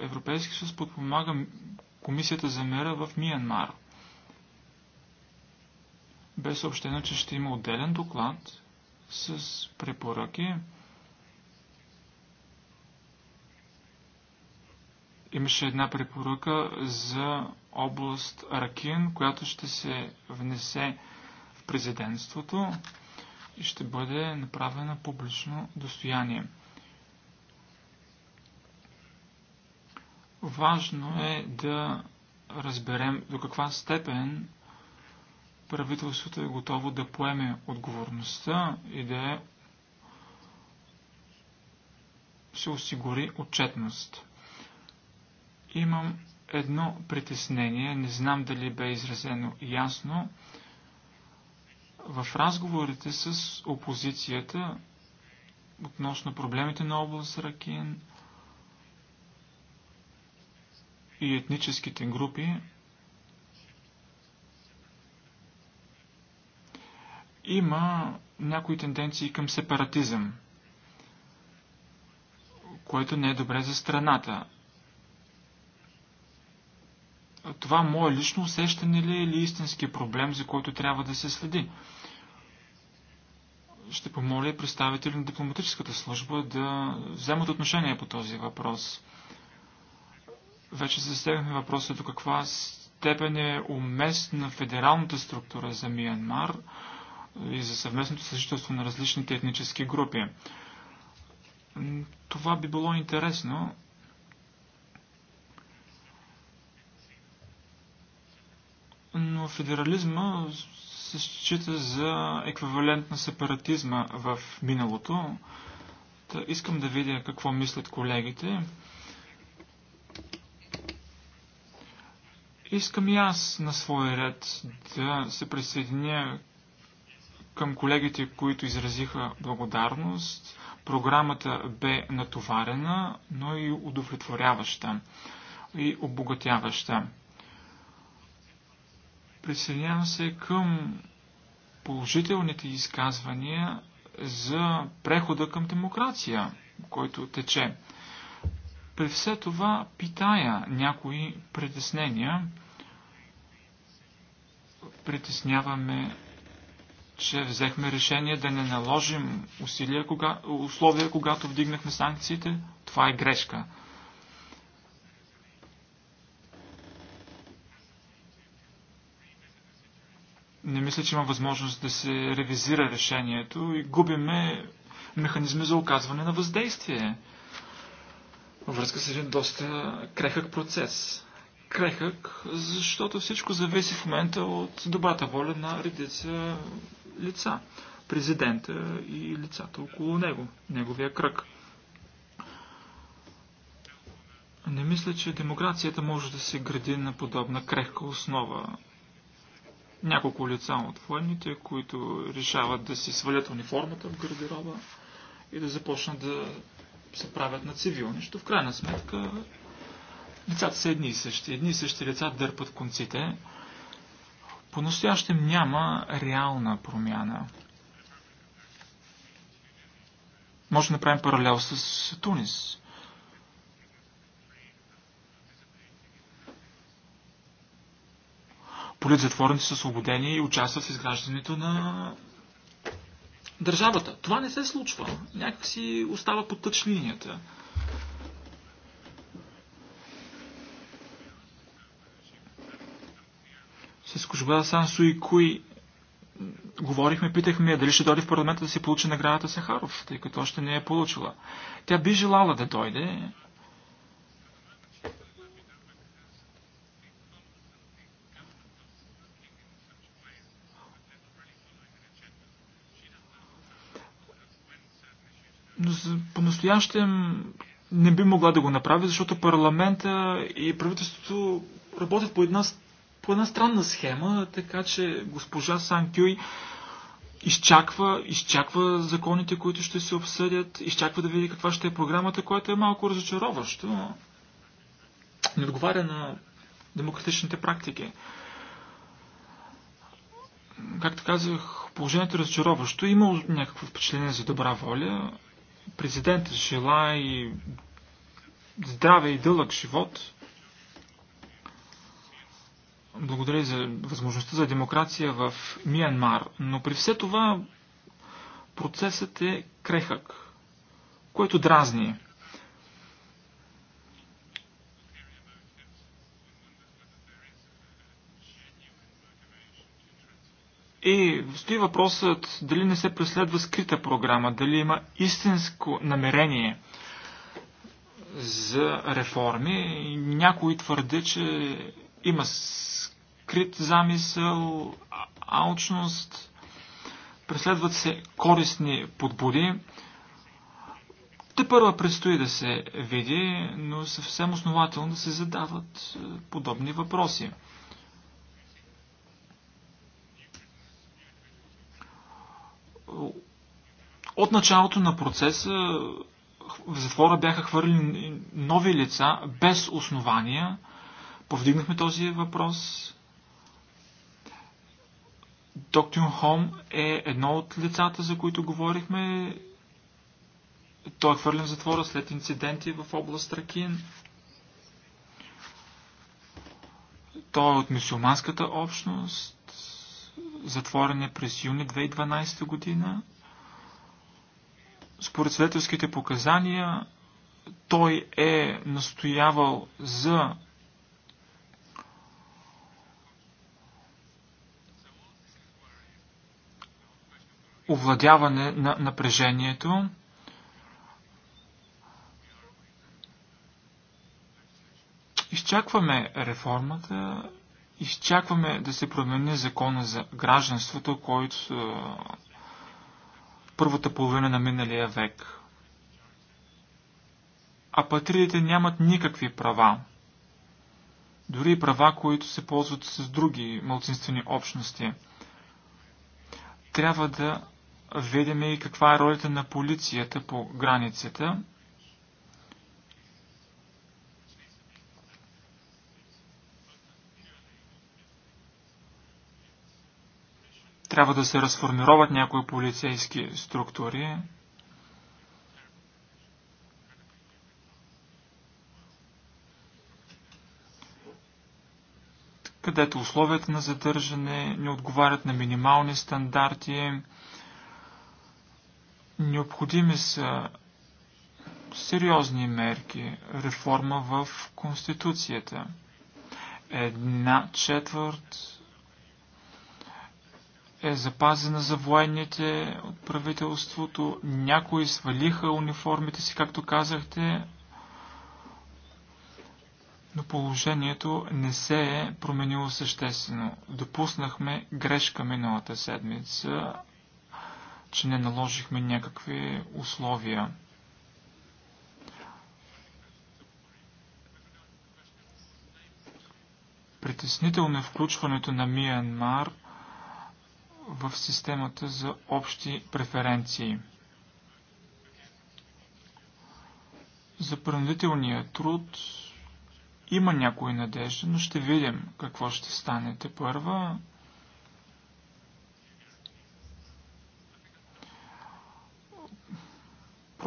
Европейски съюз подпомага Комисията за мера в Миянмар. Бе съобщено, че ще има отделен доклад с препоръки. Имаше една препоръка за област Ракин, която ще се внесе в президентството и ще бъде направена публично достояние. Важно е да разберем до каква степен правителството е готово да поеме отговорността и да се осигури отчетност. Имам едно притеснение, не знам дали бе изразено ясно. В разговорите с опозицията относно проблемите на област Ракин и етническите групи, Има някои тенденции към сепаратизъм, което не е добре за страната. Това мое лично усещане ли е или истински проблем, за който трябва да се следи? Ще помоля представители на дипломатическата служба да вземат отношение по този въпрос. Вече застегнахме въпроса до каква степен е уместна федералната структура за Миянмар и за съвместното съжителство на различните етнически групи. Това би било интересно. Но федерализма се счита за еквивалент на сепаратизма в миналото. Та искам да видя какво мислят колегите. Искам и аз на свой ред да се присъединя към колегите, които изразиха благодарност. Програмата бе натоварена, но и удовлетворяваща и обогатяваща. Присъединявам се към положителните изказвания за прехода към демокрация, който тече. При все това питая някои притеснения. Притесняваме че взехме решение да не наложим усилия, кога, условия, когато вдигнахме санкциите. Това е грешка. Не мисля, че има възможност да се ревизира решението и губиме механизми за оказване на въздействие във връзка с един доста крехък процес. Крехък, защото всичко зависи в момента от добрата воля на редица лица. Президента и лицата около него, неговия кръг. Не мисля, че демокрацията може да се гради на подобна крехка основа. Няколко лица от военните, които решават да си свалят униформата в гардероба и да започнат да се правят на цивилни. в крайна сметка лицата са едни и същи. Едни и същи лица дърпат конците по-настоящем няма реална промяна. Може да направим паралел с Тунис. Политзатворници са освободени и участват в изграждането на държавата. Това не се случва. Някакси остава под тъч линията. с госпожа Сан Суи Куи говорихме, питахме дали ще дойде в парламента да си получи наградата Сахаров, тъй като още не е получила. Тя би желала да дойде. Но по-настоящем не би могла да го направи, защото парламента и правителството работят по една по една странна схема, така че госпожа Сан Кюй изчаква, изчаква законите, които ще се обсъдят, изчаква да види каква ще е програмата, която е малко разочароващо. Не отговаря на демократичните практики. Както казах, положението е разочароващо. Има някакво впечатление за добра воля. Президентът желая и здраве и дълъг живот. Благодаря за възможността за демокрация в Миянмар, но при все това процесът е крехък, което дразни. И стои въпросът дали не се преследва скрита програма, дали има истинско намерение за реформи. Някои твърде, че има скрит замисъл, алчност, преследват се корисни подбуди. Те първа предстои да се види, но съвсем основателно да се задават е, подобни въпроси. От началото на процеса е, в затвора бяха хвърлени нови лица без основания – Повдигнахме този въпрос. Доктор Хом е едно от лицата, за които говорихме. Той е хвърлен в затвора след инциденти в област Ракин. Той е от мусулманската общност. Затворен е през юни 2012 година. Според свидетелските показания, той е настоявал за овладяване на напрежението. Изчакваме реформата, изчакваме да се промени закона за гражданството, който първата половина на миналия век. А Апатридите нямат никакви права. Дори и права, които се ползват с други мълцинствени общности. Трябва да видим и каква е ролята на полицията по границата. Трябва да се разформироват някои полицейски структури. където условията на задържане не отговарят на минимални стандарти, Необходими са сериозни мерки, реформа в Конституцията. Една четвърт е запазена за военните от правителството. Някои свалиха униформите си, както казахте, но положението не се е променило съществено. Допуснахме грешка миналата седмица, че не наложихме някакви условия. Притеснително е включването на Миянмар в системата за общи преференции. За принудителния труд има някои надежда, но ще видим какво ще станете първа.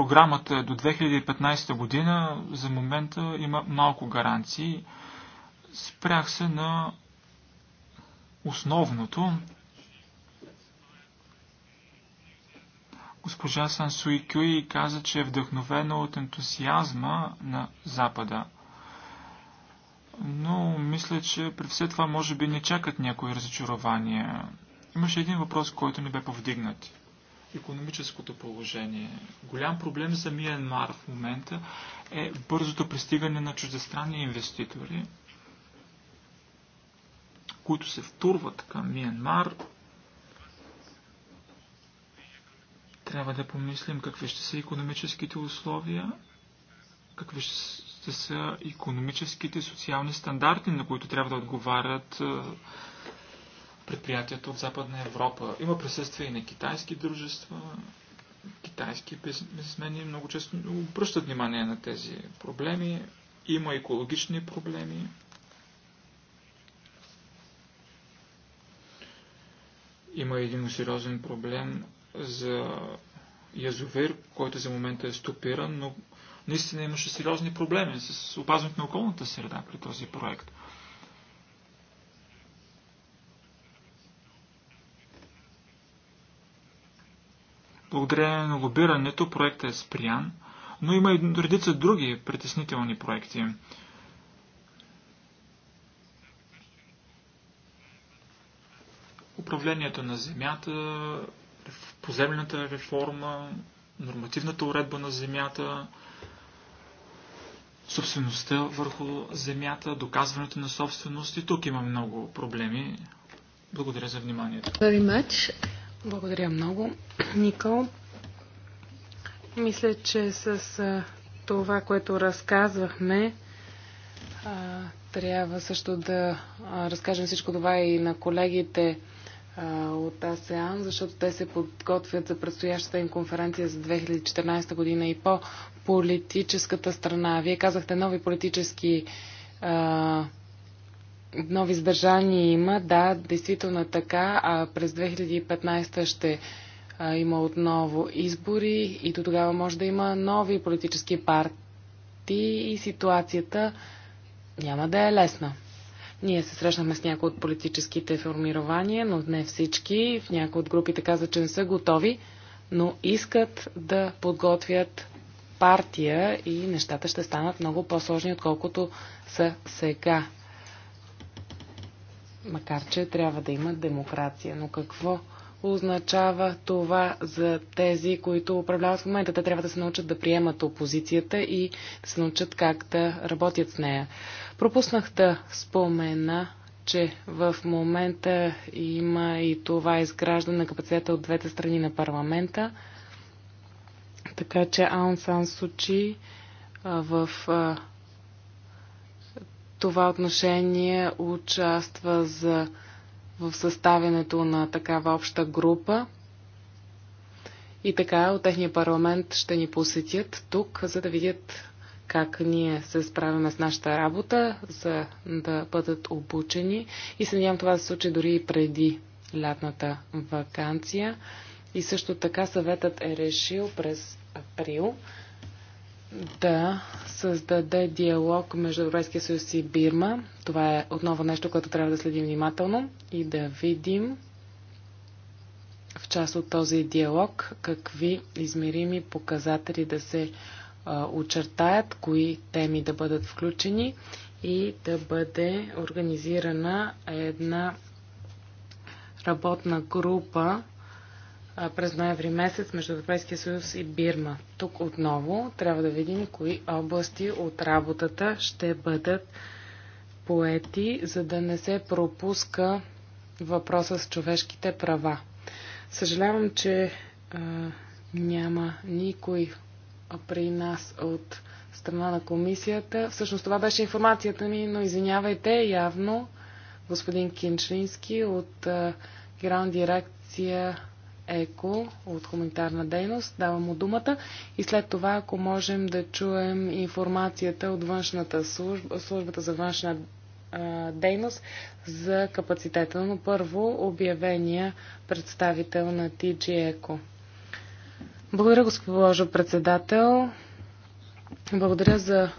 програмата до 2015 година за момента има малко гаранции. Спрях се на основното. Госпожа Суи Кюи каза, че е вдъхновена от ентусиазма на Запада. Но мисля, че при все това може би не чакат някои разочарования. Имаше един въпрос, който не бе повдигнат економическото положение. Голям проблем за Миянмар в момента е бързото пристигане на чуждестранни инвеститори, които се втурват към Миянмар. Трябва да помислим какви ще са економическите условия, какви ще са економическите и социални стандарти, на които трябва да отговарят е, предприятията от Западна Европа. Има присъствие и на китайски дружества, китайски бизнесмени много често обръщат внимание на тези проблеми. Има екологични проблеми. Има един сериозен проблем за язовир, който за момента е стопиран, но наистина имаше сериозни проблеми с опазването на околната среда при този проект. Благодарение на лобирането проектът е спрян, но има и редица други притеснителни проекти. Управлението на земята, поземлената реформа, нормативната уредба на земята, собствеността върху земята, доказването на собственост и тук има много проблеми. Благодаря за вниманието. Благодаря много, Никол. Мисля, че с това, което разказвахме, трябва също да разкажем всичко това и на колегите от АСЕАН, защото те се подготвят за предстоящата им конференция за 2014 година и по политическата страна. Вие казахте нови политически а, нови сдържания има. Да, действително е така. А през 2015 ще а, има отново избори и до тогава може да има нови политически партии и ситуацията няма да е лесна. Ние се срещнахме с някои от политическите формирования, но не всички. В някои от групите каза, че не са готови, но искат да подготвят партия и нещата ще станат много по-сложни, отколкото са сега. Макар, че трябва да има демокрация. Но какво означава това за тези, които управляват в момента? Те трябва да се научат да приемат опозицията и да се научат как да работят с нея. Пропуснах да спомена че в момента има и това изграждане на капацитета от двете страни на парламента. Така че Аун Сан Сучи в това отношение участва за, в съставянето на такава обща група. И така от техния парламент ще ни посетят тук, за да видят как ние се справяме с нашата работа, за да бъдат обучени. И се надявам това да се случи дори и преди лятната вакансия. И също така съветът е решил през април да създаде диалог между Европейския съюз и Бирма. Това е отново нещо, което трябва да следим внимателно и да видим в част от този диалог какви измерими показатели да се а, очертаят, кои теми да бъдат включени и да бъде организирана една работна група през ноември месец между Европейския съюз и Бирма. Тук отново трябва да видим кои области от работата ще бъдат поети, за да не се пропуска въпроса с човешките права. Съжалявам, че а, няма никой при нас от страна на комисията. Всъщност това беше информацията ми, но извинявайте, явно господин Кинчлински от а, Гран дирекция Еко от хуманитарна дейност. Давам му думата и след това, ако можем да чуем информацията от външната служба, службата за външна а, дейност за капацитета. Но първо обявения представител на TG Еко. Благодаря, госпожо председател. Благодаря за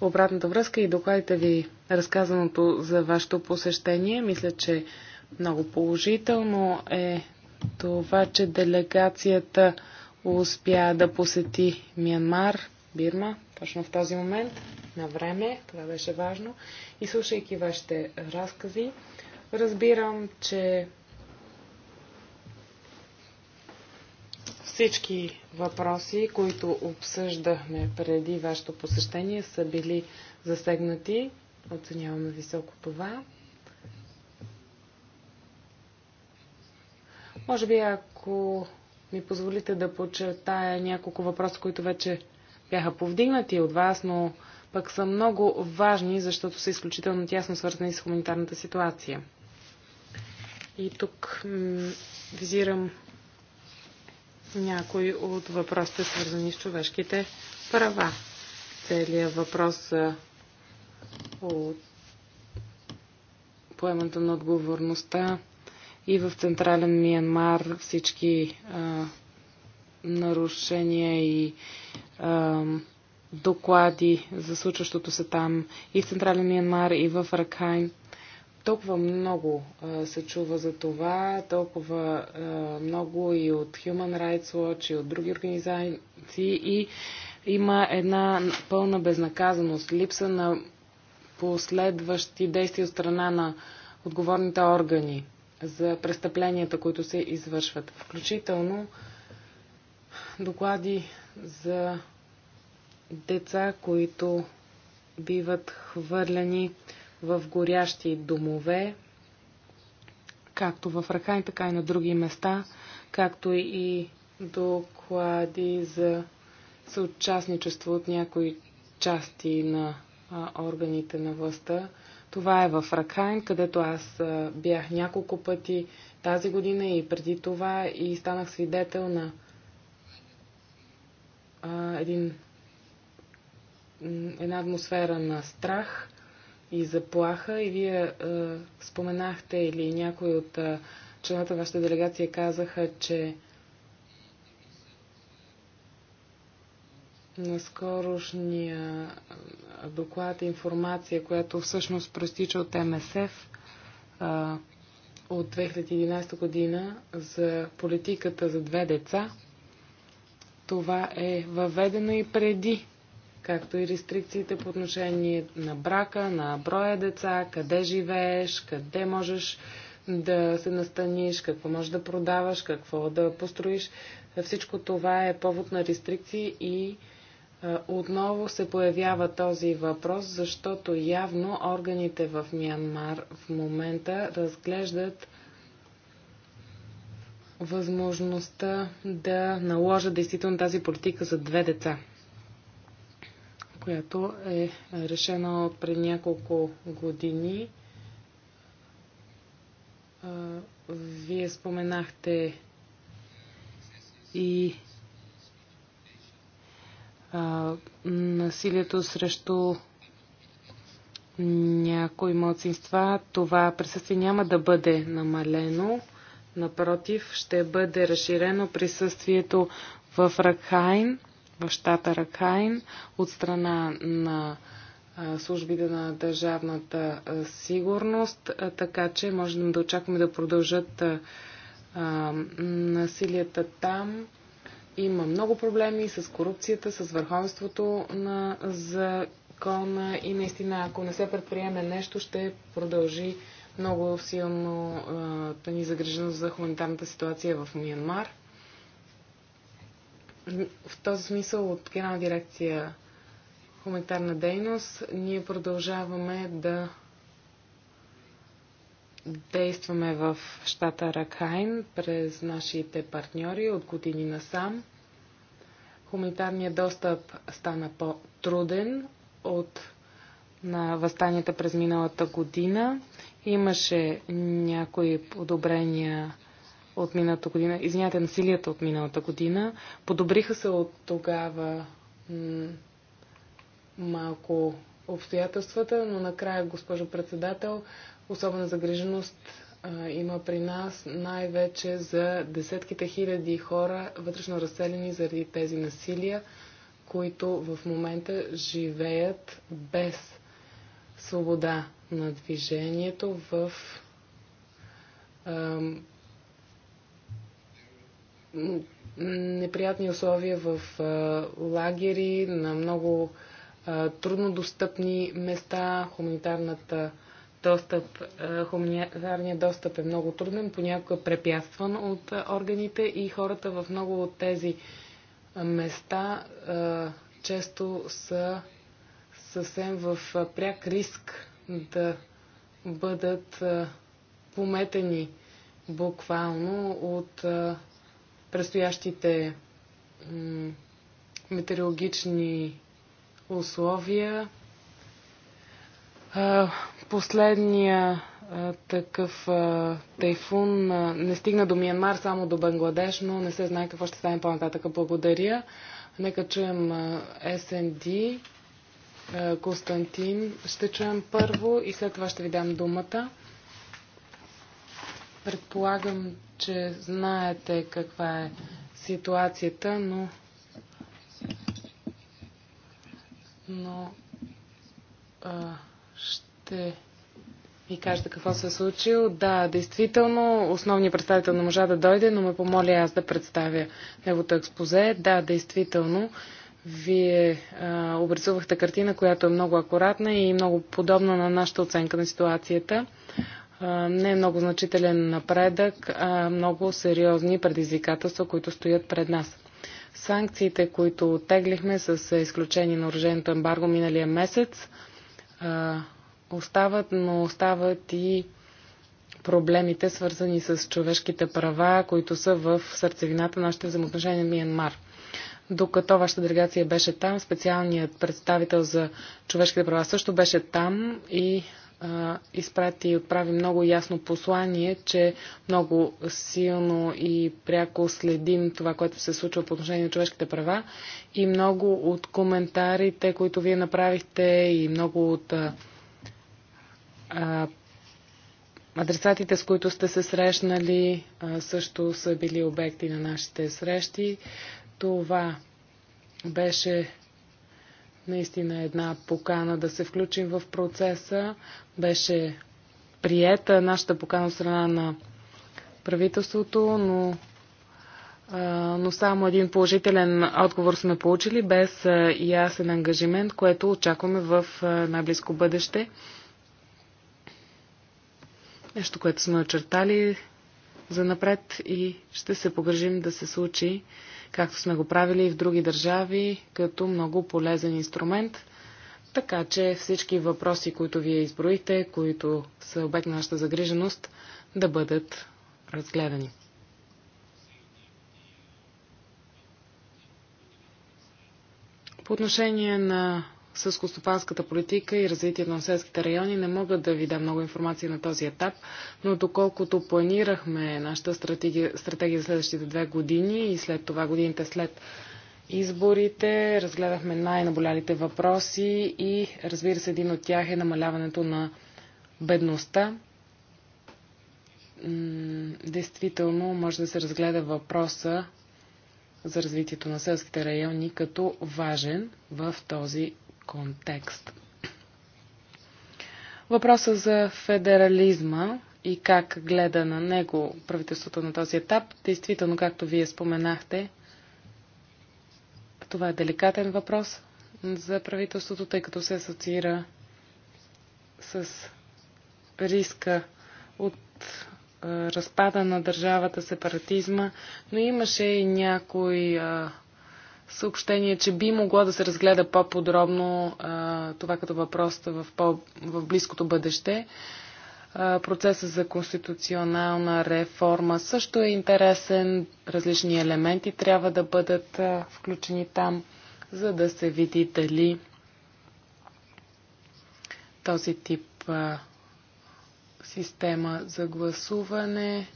обратната връзка и докладите ви разказаното за вашето посещение. Мисля, че много положително е това, че делегацията успя да посети Миянмар, Бирма, точно в този момент, на време, това беше важно. И слушайки вашите разкази, разбирам, че всички въпроси, които обсъждахме преди вашето посещение, са били засегнати. Оценяваме високо това. Може би, ако ми позволите да подчертая няколко въпроса, които вече бяха повдигнати от вас, но пък са много важни, защото са изключително тясно свързани с хуманитарната ситуация. И тук визирам някои от въпросите, свързани с човешките права. Целият въпрос за от поемането на отговорността и в Централен Миянмар всички а, нарушения и а, доклади за случващото се там и в Централен Миянмар, и в Ракайн. Толкова много а, се чува за това, толкова а, много и от Human Rights Watch, и от други организации, и има една пълна безнаказаност, липса на последващи действия от страна на отговорните органи за престъпленията, които се извършват. Включително доклади за деца, които биват хвърляни в горящи домове, както в ръка така и на други места, както и доклади за съучастничество от някои части на органите на властта това е в Ракайн, където аз бях няколко пъти тази година и преди това и станах свидетел на а, един, една атмосфера на страх и заплаха. И вие а, споменахте или някой от а, членовете на вашата делегация казаха, че на скорошния доклад информация, която всъщност простича от МСФ а, от 2011 година за политиката за две деца. Това е въведено и преди, както и рестрикциите по отношение на брака, на броя деца, къде живееш, къде можеш да се настаниш, какво можеш да продаваш, какво да построиш. Всичко това е повод на рестрикции и е, отново се появява този въпрос, защото явно органите в Мянмар в момента разглеждат възможността да наложат действително тази политика за две деца, която е решена от пред няколко години. Е, вие споменахте и а, насилието срещу някои младсинства, това присъствие няма да бъде намалено. Напротив, ще бъде разширено присъствието в Ракхайн, в щата Ракхайн, от страна на службите на държавната сигурност, така че можем да очакваме да продължат насилията там има много проблеми с корупцията, с върховенството на закона и наистина, ако не се предприеме нещо, ще продължи много силно да ни загрежено за хуманитарната ситуация в Миянмар. В този смисъл от Генерална дирекция хуманитарна дейност ние продължаваме да действаме в щата Ракхайн през нашите партньори от години насам. Хуманитарният достъп стана по-труден от на възстанията през миналата година. Имаше някои подобрения от миналата година, извинявайте, насилията от миналата година. Подобриха се от тогава малко обстоятелствата, но накрая, госпожо председател, Особена загриженост а, има при нас най-вече за десетките хиляди хора, вътрешно разселени заради тези насилия, които в момента живеят без свобода на движението в а, неприятни условия в а, лагери, на много труднодостъпни места, хуманитарната достъп, е, хуманитарния достъп е много труден, понякога препятстван от е, органите и хората в много от тези е, места често са съвсем в пряк риск да бъдат пометени буквално от предстоящите метеорологични условия Последния такъв тайфун не стигна до Миянмар, само до Бангладеш, но не се знае какво ще стане по-нататък. Благодаря. Нека чуем СНД. Константин ще чуем първо и след това ще ви дам думата. Предполагам, че знаете каква е ситуацията, но. Но. А, ще ви кажете какво се е случило. Да, действително, основният представител не можа да дойде, но ме помоли аз да представя неговото експозе. Да, действително, вие а, обрисувахте картина, която е много акуратна и много подобна на нашата оценка на ситуацията. А, не е много значителен напредък, а много сериозни предизвикателства, които стоят пред нас. Санкциите, които теглихме с изключение на оръженото ембарго миналия месец, а, остават, но остават и проблемите, свързани с човешките права, които са в сърцевината на нашите взаимоотношения на Миянмар. Докато вашата делегация беше там, специалният представител за човешките права също беше там и изпрати и отправи много ясно послание, че много силно и пряко следим това, което се случва по отношение на човешките права и много от коментарите, които вие направихте и много от а, адресатите, с които сте се срещнали, а, също са били обекти на нашите срещи. Това беше наистина една покана да се включим в процеса. Беше приета нашата покана от страна на правителството, но, но само един положителен отговор сме получили, без ясен ангажимент, което очакваме в най-близко бъдеще. Нещо, което сме очертали за напред и ще се погрежим да се случи както сме го правили и в други държави, като много полезен инструмент. Така че всички въпроси, които вие изброите, които са обект на нашата загриженост, да бъдат разгледани. По отношение на селскостопанската политика и развитие на селските райони. Не мога да ви дам много информация на този етап, но доколкото планирахме нашата стратегия, стратегия за следващите две години и след това годините след изборите, разгледахме най-наболялите въпроси и разбира се един от тях е намаляването на бедността. Действително може да се разгледа въпроса за развитието на селските райони като важен в този контекст. Въпроса за федерализма и как гледа на него правителството на този етап, действително, както вие споменахте, това е деликатен въпрос за правителството, тъй като се асоциира с риска от разпада на държавата, сепаратизма, но имаше и някои съобщение, че би могло да се разгледа по-подробно това като въпрос в, в близкото бъдеще. А, процесът за конституционална реформа също е интересен. Различни елементи трябва да бъдат а, включени там, за да се види дали този тип а, система за гласуване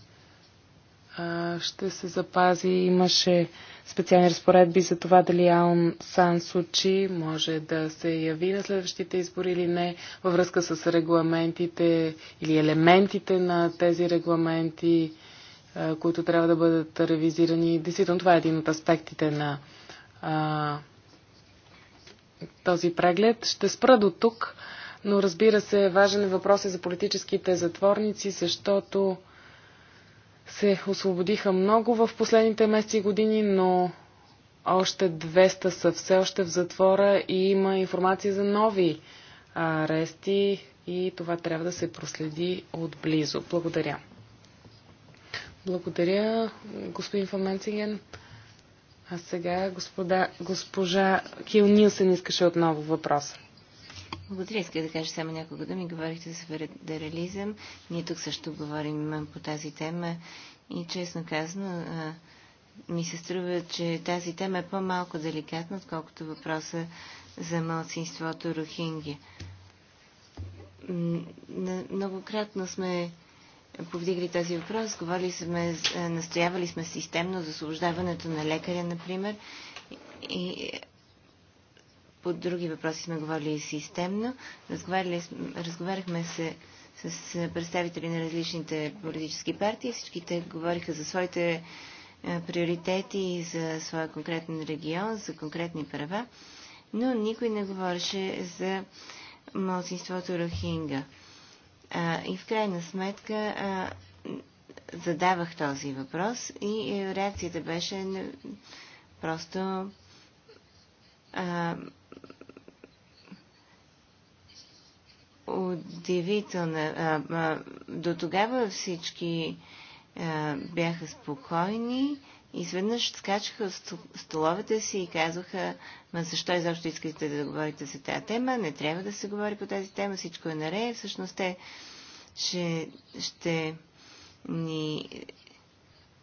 ще се запази. Имаше специални разпоредби за това дали Аун Сан Сучи може да се яви на следващите избори или не, във връзка с регламентите или елементите на тези регламенти, е, които трябва да бъдат ревизирани. Действително, това е един от аспектите на а, този преглед. Ще спра до тук, но разбира се, важен въпрос е за политическите затворници, защото се освободиха много в последните месеци и години, но още 200 са все още в затвора и има информация за нови арести и това трябва да се проследи отблизо. Благодаря. Благодаря, господин Фаменциген. А сега господа, госпожа Кил Нилсен искаше отново въпроса. Благодаря. иска да кажа само няколко думи. Говорихте за федерализъм. Ние тук също говорим по тази тема. И честно казано, ми се струва, че тази тема е по-малко деликатна, отколкото въпроса за малцинството Рохинги. Многократно сме повдигали този въпрос, говорили сме, настоявали сме системно за освобождаването на лекаря, например, и по други въпроси сме говорили системно. Разговаряхме се с представители на различните политически партии. Всичките говориха за своите е, приоритети, и за своя конкретен регион, за конкретни права, но никой не говореше за младсинството Рохинга. И в крайна сметка задавах този въпрос и е, реакцията беше просто удивителна. До тогава всички бяха спокойни. и Изведнъж скачаха от столовете си и казваха, ма защо изобщо искате да говорите за тази тема, не трябва да се говори по тази тема, всичко е наред. Всъщност те ще, ще ни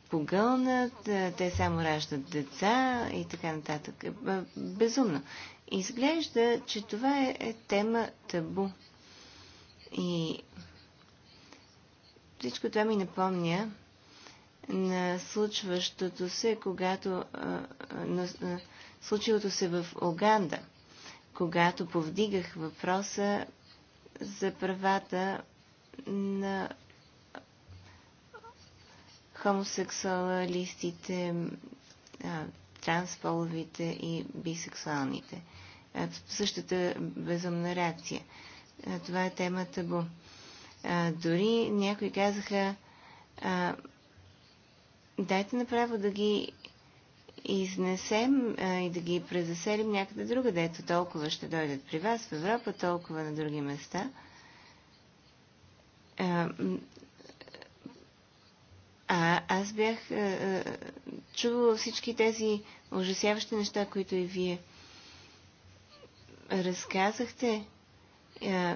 погълнат, те само раждат деца и така нататък. Безумно. Изглежда, че това е, е тема табу. И всичко това ми напомня на случващото се, когато на, на случилото се в Оганда, когато повдигах въпроса за правата на хомосексуалистите, трансполовите и бисексуалните. Същата безумна реакция това е тема табу. А, дори някои казаха, а, дайте направо да ги изнесем а, и да ги презаселим някъде друга, дето толкова ще дойдат при вас в Европа, толкова на други места. А, а аз бях а, чувала всички тези ужасяващи неща, които и вие разказахте. Е,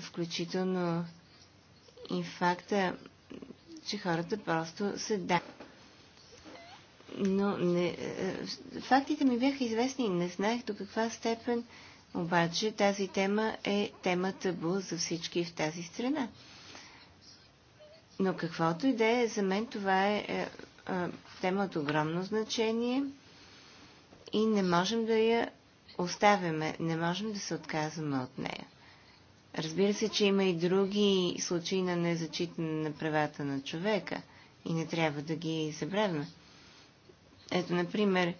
включително и факта, че хората просто се да. Но не, е, е, фактите ми бяха известни, не знаех до каква степен, обаче тази тема е тема табу за всички в тази страна. Но каквото и да е, за мен това е, е, е тема от огромно значение и не можем да я оставяме, не можем да се отказваме от нея. Разбира се, че има и други случаи на незачитане на правата на човека и не трябва да ги забравяме. Ето, например,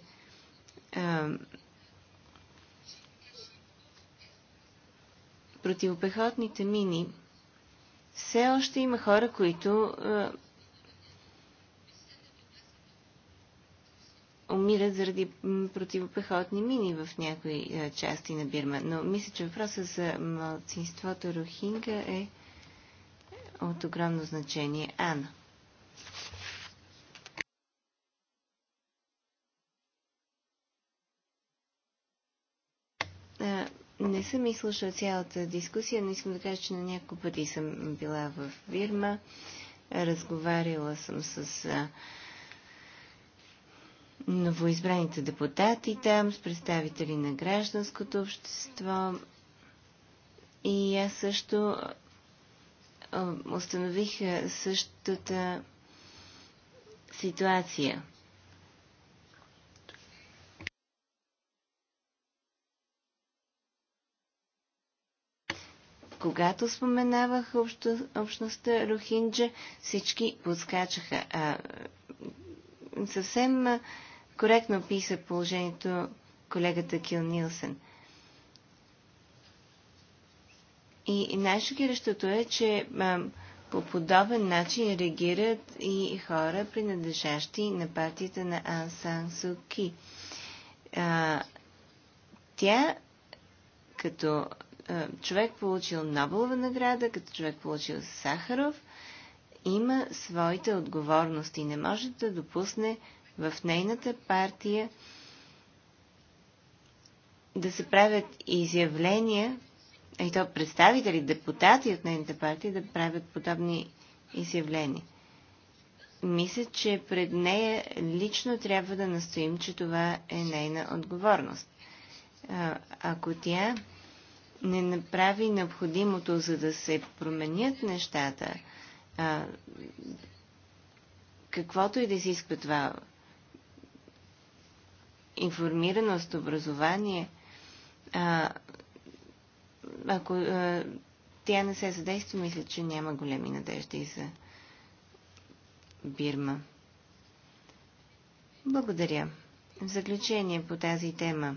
противопехотните мини все още има хора, които умират заради противопехотни мини в някои е, части на Бирма. Но мисля, че въпросът за младсинството Рохинга е от огромно значение. Ана. Е, не съм изслушала цялата дискусия, но искам да кажа, че на няколко пъти съм била в Бирма. Разговаряла съм с е, новоизбраните депутати там, с представители на гражданското общество. И аз също установих същата ситуация. Когато споменавах общо, общността Рохинджа, всички подскачаха. А, съвсем коректно описа положението колегата Кил Нилсен. И най-шокиращото е, че а, по подобен начин реагират и хора, принадлежащи на партията на Ан Сан Су Ки. А, тя, като а, човек получил Нобелова награда, като човек получил Сахаров, има своите отговорности. Не може да допусне в нейната партия да се правят изявления, и то представители, депутати от нейната партия да правят подобни изявления. Мисля, че пред нея лично трябва да настоим, че това е нейна отговорност. А, ако тя не направи необходимото, за да се променят нещата, а, каквото и да изисква това информираност, образование, а, ако а, тя не се задейства, мисля, че няма големи надежди за Бирма. Благодаря. В заключение по тази тема.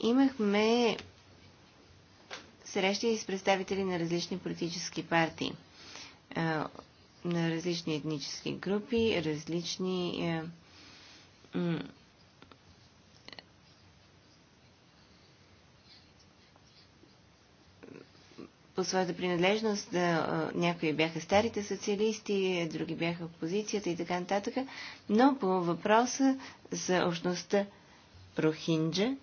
Имахме срещи с представители на различни политически партии, на различни етнически групи, различни по своята принадлежност. Някои бяха старите социалисти, други бяха опозицията и така нататък. Но по въпроса за общността Рохинджа,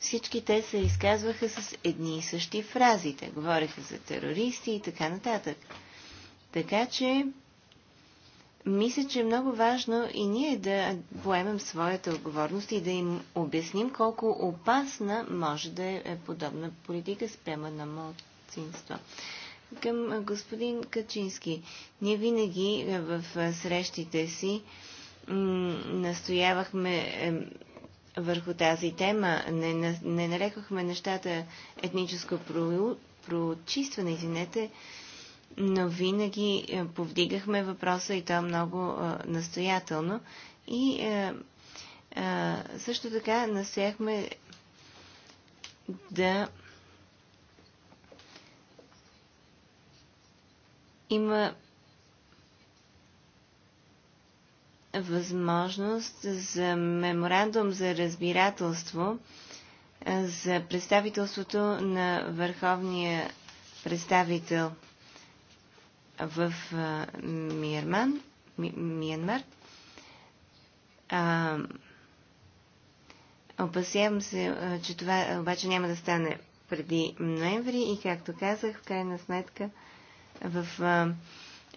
всички те се изказваха с едни и същи фразите. Говореха за терористи и така нататък. Така че, мисля, че е много важно и ние да поемем своята отговорност и да им обясним колко опасна може да е подобна политика спрямо на МОД малцинства. Към господин Качински. Ние винаги в срещите си настоявахме е, върху тази тема. Не, не нарекохме нещата етническо про, прочистване, извинете, но винаги е, повдигахме въпроса и то много е, настоятелно. И също така настояхме да има възможност за меморандум за разбирателство за представителството на върховния представител в Мирман, Миянмар. Опасявам се, че това обаче няма да стане преди ноември и, както казах, в крайна сметка – в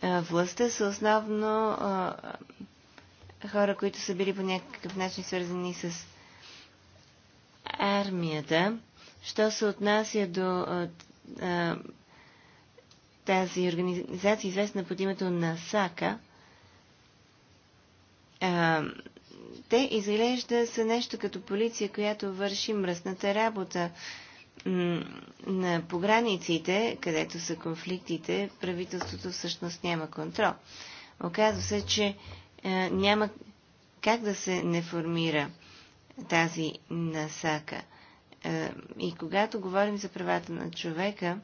властта са основно хора, които са били по някакъв начин свързани с армията. Що се отнася до тази организация, известна под името на САКА, а, те изглежда са нещо като полиция, която върши мръсната работа на пограниците, където са конфликтите, правителството всъщност няма контрол. Оказва се, че е, няма как да се не формира тази насака. Е, и когато говорим за правата на човека,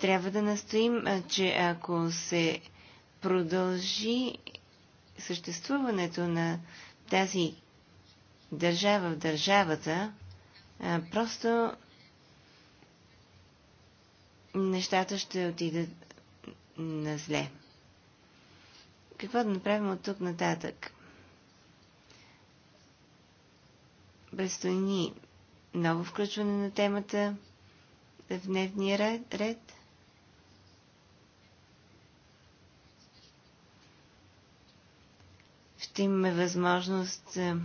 трябва да настоим, е, че ако се продължи съществуването на тази държава в държавата, е, просто нещата ще отидат на зле. Какво да направим от тук нататък? Предстои ни ново включване на темата в дневния ред. ред. Ще имаме възможност е,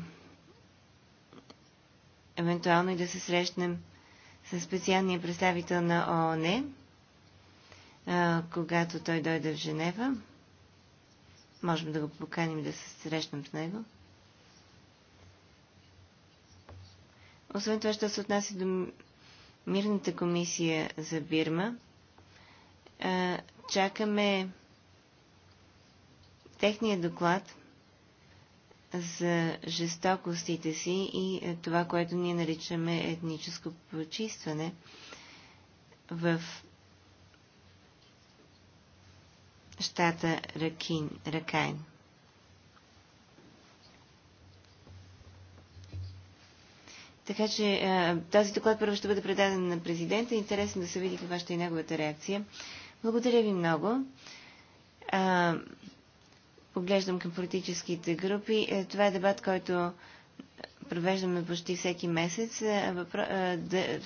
евентуално и да се срещнем с специалния представител на ООН, когато той дойде в Женева. Можем да го поканим да се срещнем с него. Освен това, що се отнася до Мирната комисия за Бирма, чакаме техния доклад – за жестокостите си и е, това, което ние наричаме етническо почистване в щата Ракин, Ракайн. Така че е, този доклад първо ще бъде предаден на президента. Интересно да се види каква ще е неговата реакция. Благодаря ви много поглеждам към политическите групи. Е, това е дебат, който провеждаме почти всеки месец. Е, въпро... Е, да...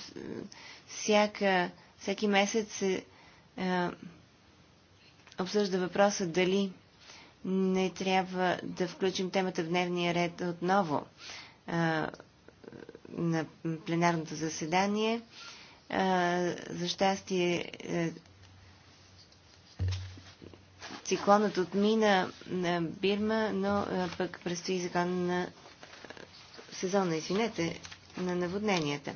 Всяка... Всеки месец се обсъжда въпроса дали не трябва да включим темата в дневния ред отново а, на пленарното заседание. за щастие, циклонът отмина на Бирма, но пък предстои закон на сезона, извинете, на наводненията.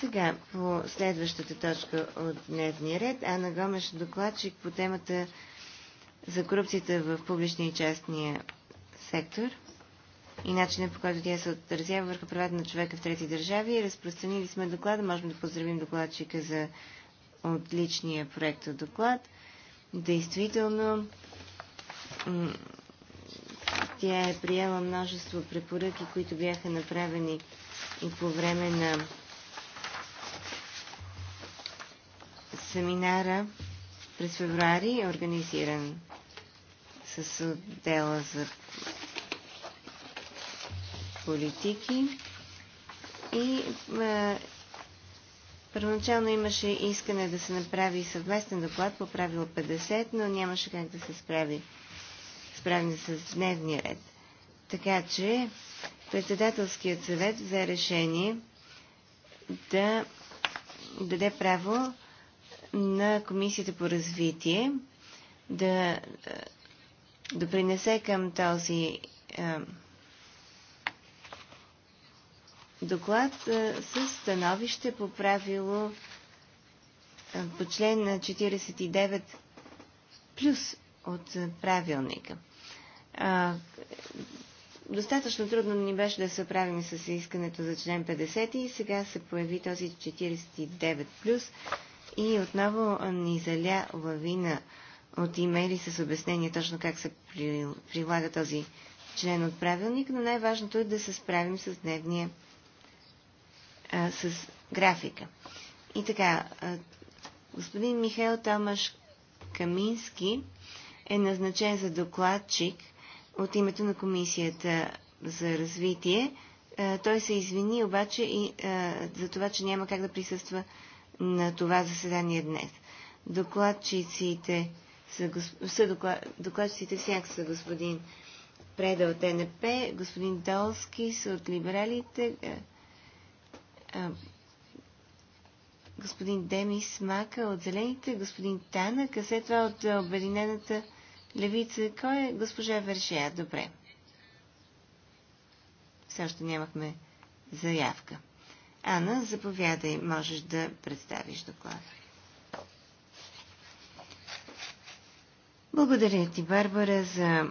Сега по следващата точка от дневния ред. Ана Гомеш, докладчик по темата за корупцията в публичния и частния сектор и начинът по който тя се отразява върху правата на човека в трети държави. Разпространили сме доклада. Можем да поздравим докладчика за отличния проект от доклад. Действително, тя е приела множество препоръки, които бяха направени и по време на семинара през феврари, организиран с отдела за политики и Първоначално имаше искане да се направи съвместен доклад по правило 50, но нямаше как да се справи справим с дневния ред. Така че председателският съвет взе решение да даде право на Комисията по развитие да е, допринесе да към този е, доклад с становище по правило по член на 49 плюс от правилника. Достатъчно трудно ни беше да се оправим с искането за член 50 и сега се появи този 49 плюс и отново ни заля лавина от имейли с обяснение точно как се прилага този член от правилник, но най-важното е да се справим с дневния а, с графика. И така, а, господин Михаил Томаш Камински е назначен за докладчик от името на Комисията за развитие. А, той се извини обаче и а, за това, че няма как да присъства на това заседание днес. Докладчиците са, госп... са доклад... докладчиците всяк са господин Преда от НП, господин Долски са от либералите, господин Демис Мака от Зелените, господин Тана, късе това от Обединената левица. Кой е госпожа Вержея? Добре. Все още нямахме заявка. Ана, заповядай, можеш да представиш доклада. Благодаря ти, Барбара, за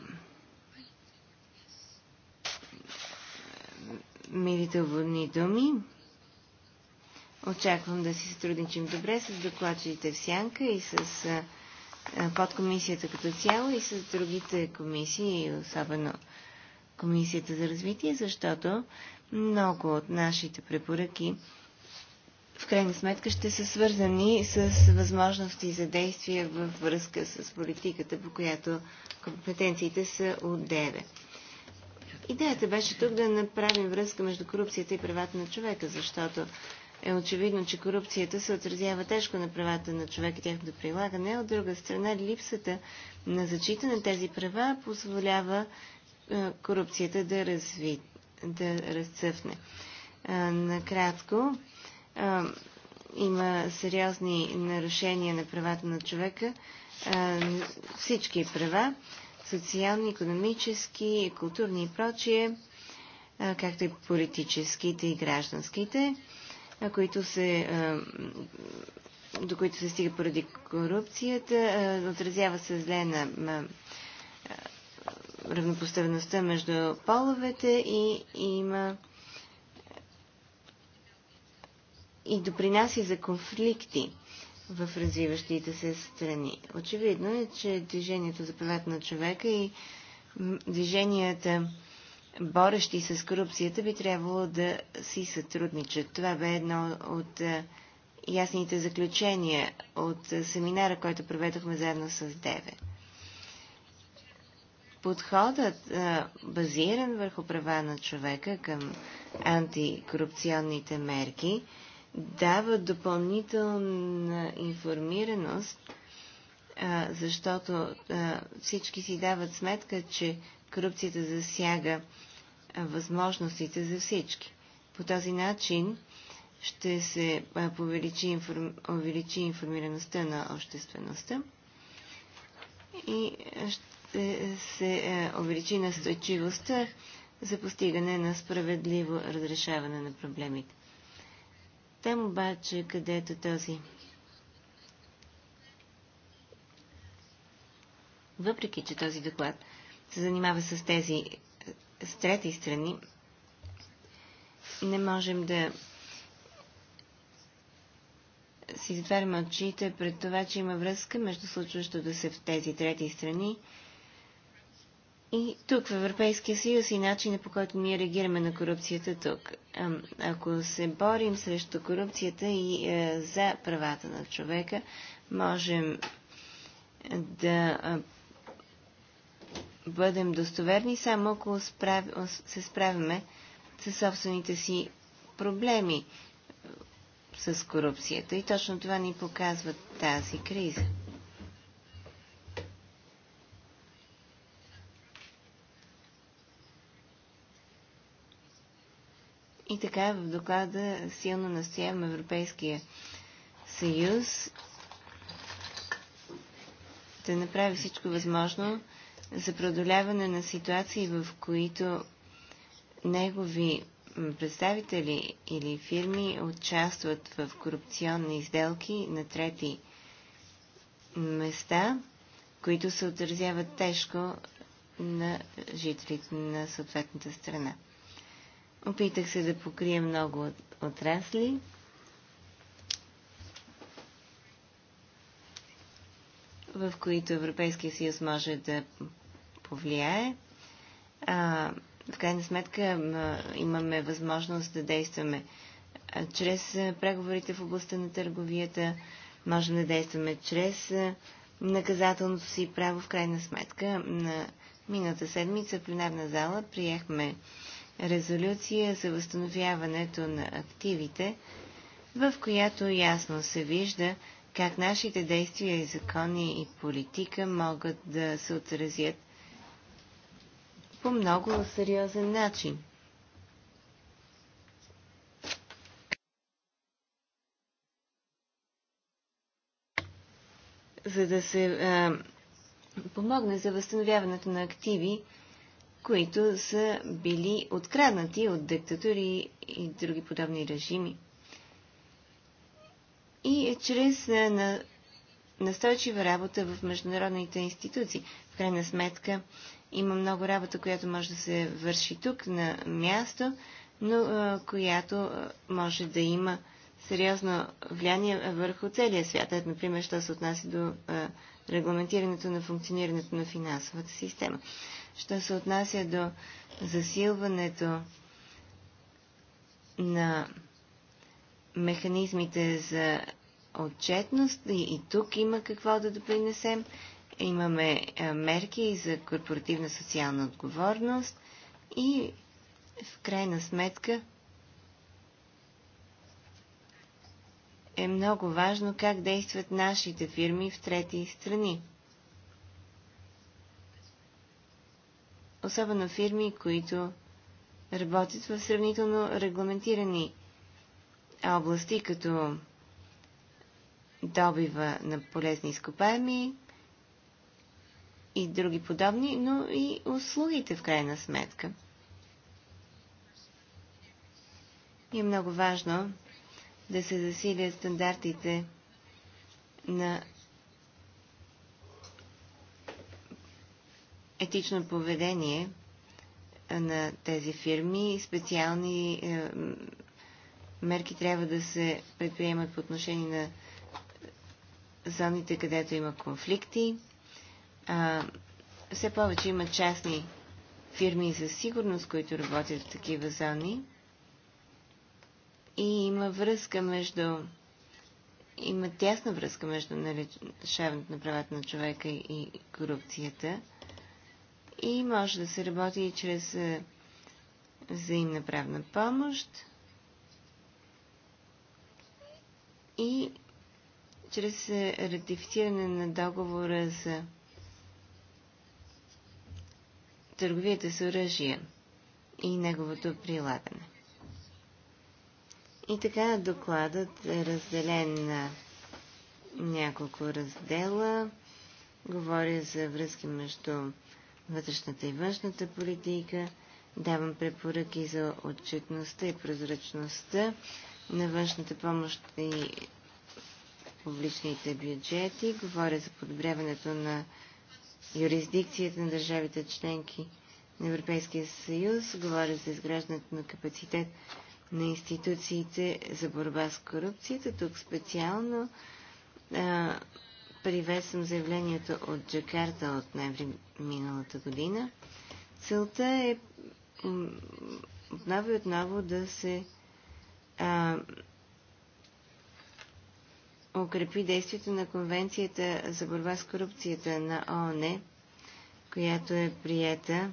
милите обводни думи. Очаквам да си сътрудничим добре с докладчите в Сянка и с подкомисията като цяло и с другите комисии, особено Комисията за развитие, защото много от нашите препоръки в крайна сметка ще са свързани с възможности за действия във връзка с политиката, по която компетенциите са от ДЕВЕ. Идеята беше тук да направим връзка между корупцията и правата на човека, защото е очевидно, че корупцията се отразява тежко на правата на човек и тяхното прилагане. От друга страна, липсата на зачита на тези права позволява е, корупцията да, разви, да разцъфне. Е, накратко, е, има сериозни нарушения на правата на човека, всички права, социални, економически, културни и прочие, както и политическите и гражданските които се, до които се стига поради корупцията. Отразява се зле на равнопоставеността между половете и има и допринася за конфликти в развиващите се страни. Очевидно е, че движението за правата на човека и движенията борещи с корупцията, би трябвало да си сътрудничат. Това бе едно от е, ясните заключения от е, семинара, който проведохме заедно с Деве. Подходът, е, базиран върху права на човека към антикорупционните мерки, дава допълнителна информираност, защото всички си дават сметка, че корупцията засяга възможностите за всички. По този начин ще се повеличи, увеличи информираността на обществеността и ще се увеличи настойчивостта за постигане на справедливо разрешаване на проблемите. Там обаче, където този въпреки, че този доклад се занимава с тези с трети страни, не можем да си затваряме очите пред това, че има връзка между случващото се в тези трети страни и тук в Европейския съюз и начина по който ние реагираме на корупцията тук. Ако се борим срещу корупцията и е, за правата на човека, можем да бъдем достоверни, само ако справ... се справяме с собствените си проблеми е, с корупцията. И точно това ни показва тази криза. И така в доклада силно настоявам Европейския съюз да направи всичко възможно, за продоляване на ситуации, в които негови представители или фирми участват в корупционни изделки на трети места, които се отразяват тежко на жителите на съответната страна. Опитах се да покрия много отрасли. в които Европейския съюз може да повлияе. А, в крайна сметка а, имаме възможност да действаме а, чрез а, преговорите в областта на търговията, можем да действаме чрез а, наказателното си право. В крайна сметка на миналата седмица в пленарна зала приехме резолюция за възстановяването на активите, в която ясно се вижда, как нашите действия и закони и политика могат да се отразят по много сериозен начин. За да се а, помогне за възстановяването на активи, които са били откраднати от диктатури и други подобни режими и чрез е, настойчива работа в международните институции. В крайна сметка има много работа, която може да се върши тук на място, но е, която е, може да има сериозно влияние върху целия свят. Ето, например, що се отнася до регламентирането на функционирането на финансовата система. Що се отнася до засилването на механизмите за отчетност и, и тук има какво да допринесем. Имаме мерки за корпоративна социална отговорност и в крайна сметка е много важно как действат нашите фирми в трети страни. Особено фирми, които работят в сравнително регламентирани области, като добива на полезни изкопаеми и други подобни, но и услугите в крайна сметка. И е много важно да се засилят стандартите на етично поведение на тези фирми. Специални е, мерки трябва да се предприемат по отношение на зоните, където има конфликти. А, все повече има частни фирми за сигурност, които работят в такива зони. И има връзка между има тясна връзка между нарешаването на правата на човека и корупцията. И може да се работи и чрез взаимна правна помощ и чрез е, ратифициране на договора за търговията с оръжие и неговото прилагане. И така докладът е разделен на няколко раздела. Говоря за връзки между вътрешната и външната политика. Давам препоръки за отчетността и прозрачността на външната помощ и публичните бюджети, говоря за подобряването на юрисдикцията на държавите членки на Европейския съюз, говоря за изграждането на капацитет на институциите за борба с корупцията. Тук специално а, привесвам заявлението от Джакарта от ноември миналата година. Целта е отново и отново да се а, укрепи действието на Конвенцията за борба с корупцията на ООН, която е приета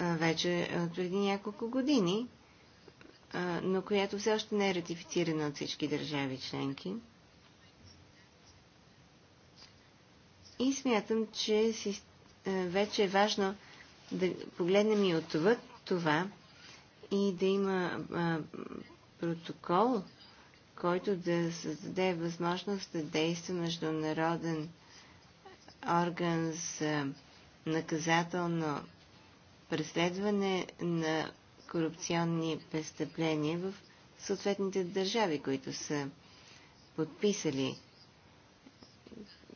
вече от преди няколко години, но която все още не е ратифицирана от всички държави членки. И смятам, че вече е важно да погледнем и отвъд това и да има протокол който да създаде възможност да действа международен орган за наказателно преследване на корупционни престъпления в съответните държави, които са подписали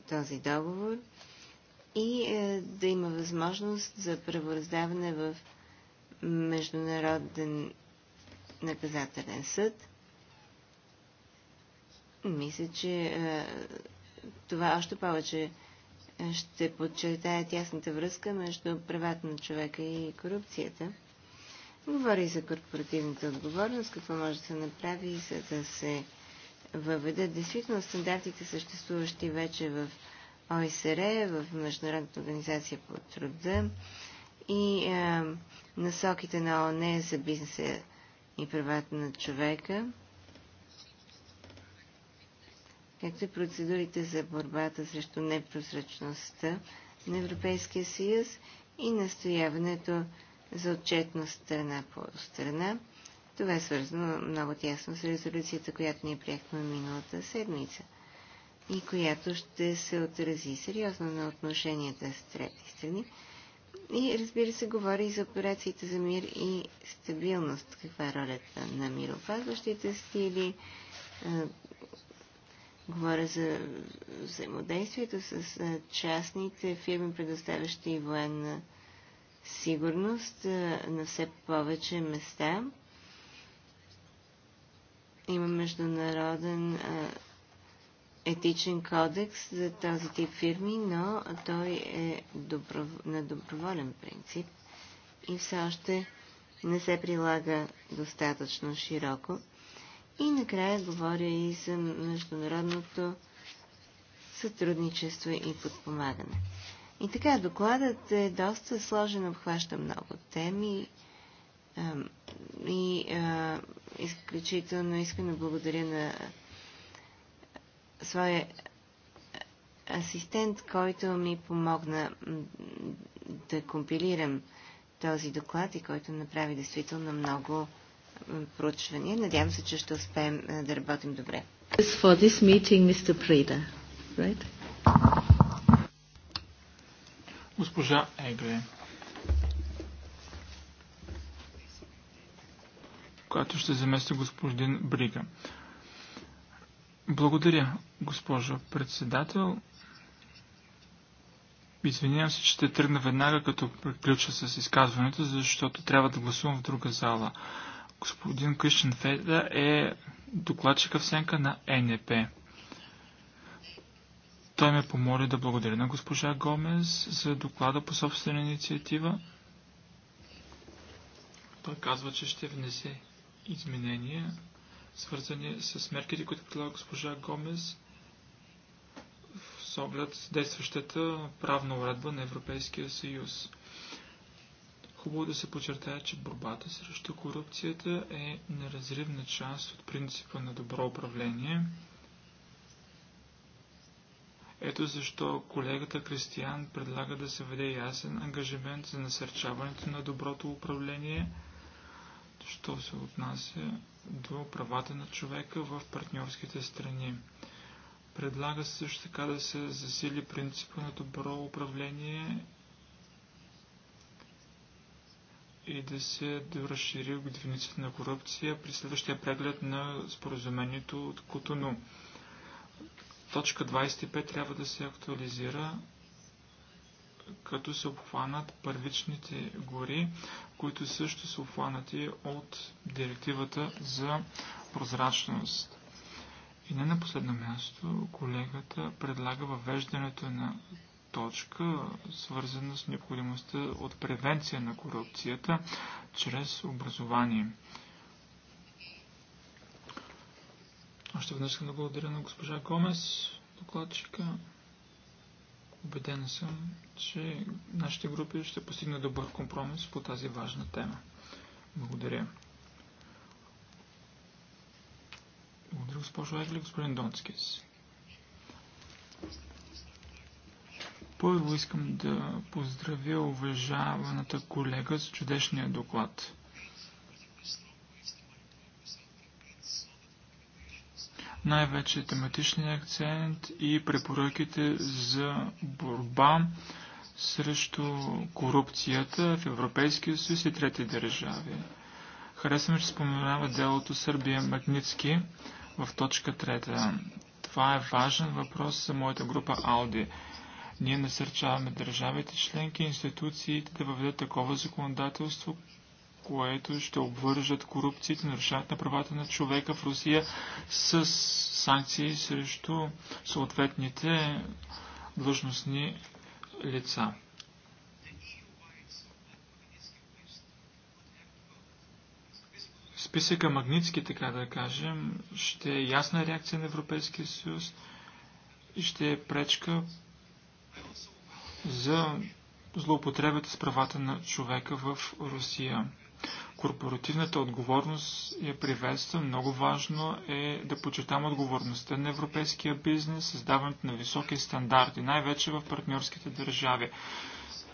този договор и е, да има възможност за правораздаване в Международен наказателен съд – мисля, че а, е, това още повече е, ще подчертая тясната връзка между правата на човека и корупцията. Говори за корпоративната отговорност, какво може да се направи, за да се въведат действително стандартите, съществуващи вече в ОСР, в Международната организация по труда и а, е, насоките на ОНЕ за бизнеса и правата на човека както и процедурите за борбата срещу непрозрачността на Европейския съюз и настояването за отчетност страна по страна. Това е свързано много тясно с резолюцията, която ние приехме миналата седмица и която ще се отрази сериозно на отношенията с трети страни. И разбира се, говори и за операциите за мир и стабилност. Каква е ролята на мироопазващите сили, Говоря за взаимодействието с частните фирми, предоставящи военна сигурност на все повече места. Има международен етичен кодекс за този тип фирми, но той е на доброволен принцип и все още не се прилага достатъчно широко. И накрая говоря и за международното сътрудничество и подпомагане. И така, докладът е доста сложен, обхваща много теми и изключително искрено благодаря на своя асистент, който ми помогна да компилирам този доклад и който направи действително много проучвания. Надявам се, че ще успеем е, да работим добре. For this meeting, Mr. Preda, right? Госпожа Егле, която ще замести господин Брига. Благодаря, госпожо председател. Извинявам се, че ще тръгна веднага, като приключа с изказването, защото трябва да гласувам в друга зала. Господин Кришен Феда е докладчика в сенка на НЕП. Той ме помоли да благодаря на госпожа Гомес за доклада по собствена инициатива. Той казва, че ще внесе изменения, свързани с мерките, които предлага госпожа Гомес с оглед действащата правна уредба на Европейския съюз. Хубаво да се подчертая, че борбата срещу корупцията е неразривна част от принципа на добро управление. Ето защо колегата Кристиян предлага да се веде ясен ангажимент за насърчаването на доброто управление, що се отнася до правата на човека в партньорските страни. Предлага се също така да се засили принципа на добро управление и да се разшири дефиницията на корупция при следващия преглед на споразумението от Котону. Точка 25 трябва да се актуализира, като се обхванат първичните гори, които също са обхванати от директивата за прозрачност. И не на последно място, колегата предлага въвеждането на точка, свързана с необходимостта от превенция на корупцията чрез образование. Още веднъж искам да благодаря на госпожа Гомес, докладчика. Обедена съм, че нашите групи ще постигнат добър компромис по тази важна тема. Благодаря. Благодаря, госпожо Егли, господин Донскис. Първо искам да поздравя уважаваната колега с чудесния доклад. Най-вече тематичния акцент и препоръките за борба срещу корупцията в Европейския съюз и трети държави. Харесваме, че споменава делото Сърбия Магницки в точка трета. Това е важен въпрос за моята група Ауди. Ние насърчаваме държавите членки и институциите да въведат такова законодателство, което ще обвържат корупцията, нарушават на правата на човека в Русия с санкции срещу съответните длъжностни лица. Списъка Магницки, така да кажем, ще е ясна реакция на Европейския съюз и ще е пречка за злоупотребата с правата на човека в Русия. Корпоративната отговорност я приветства. Много важно е да почетам отговорността на европейския бизнес, създаването на високи стандарти, най-вече в партньорските държави.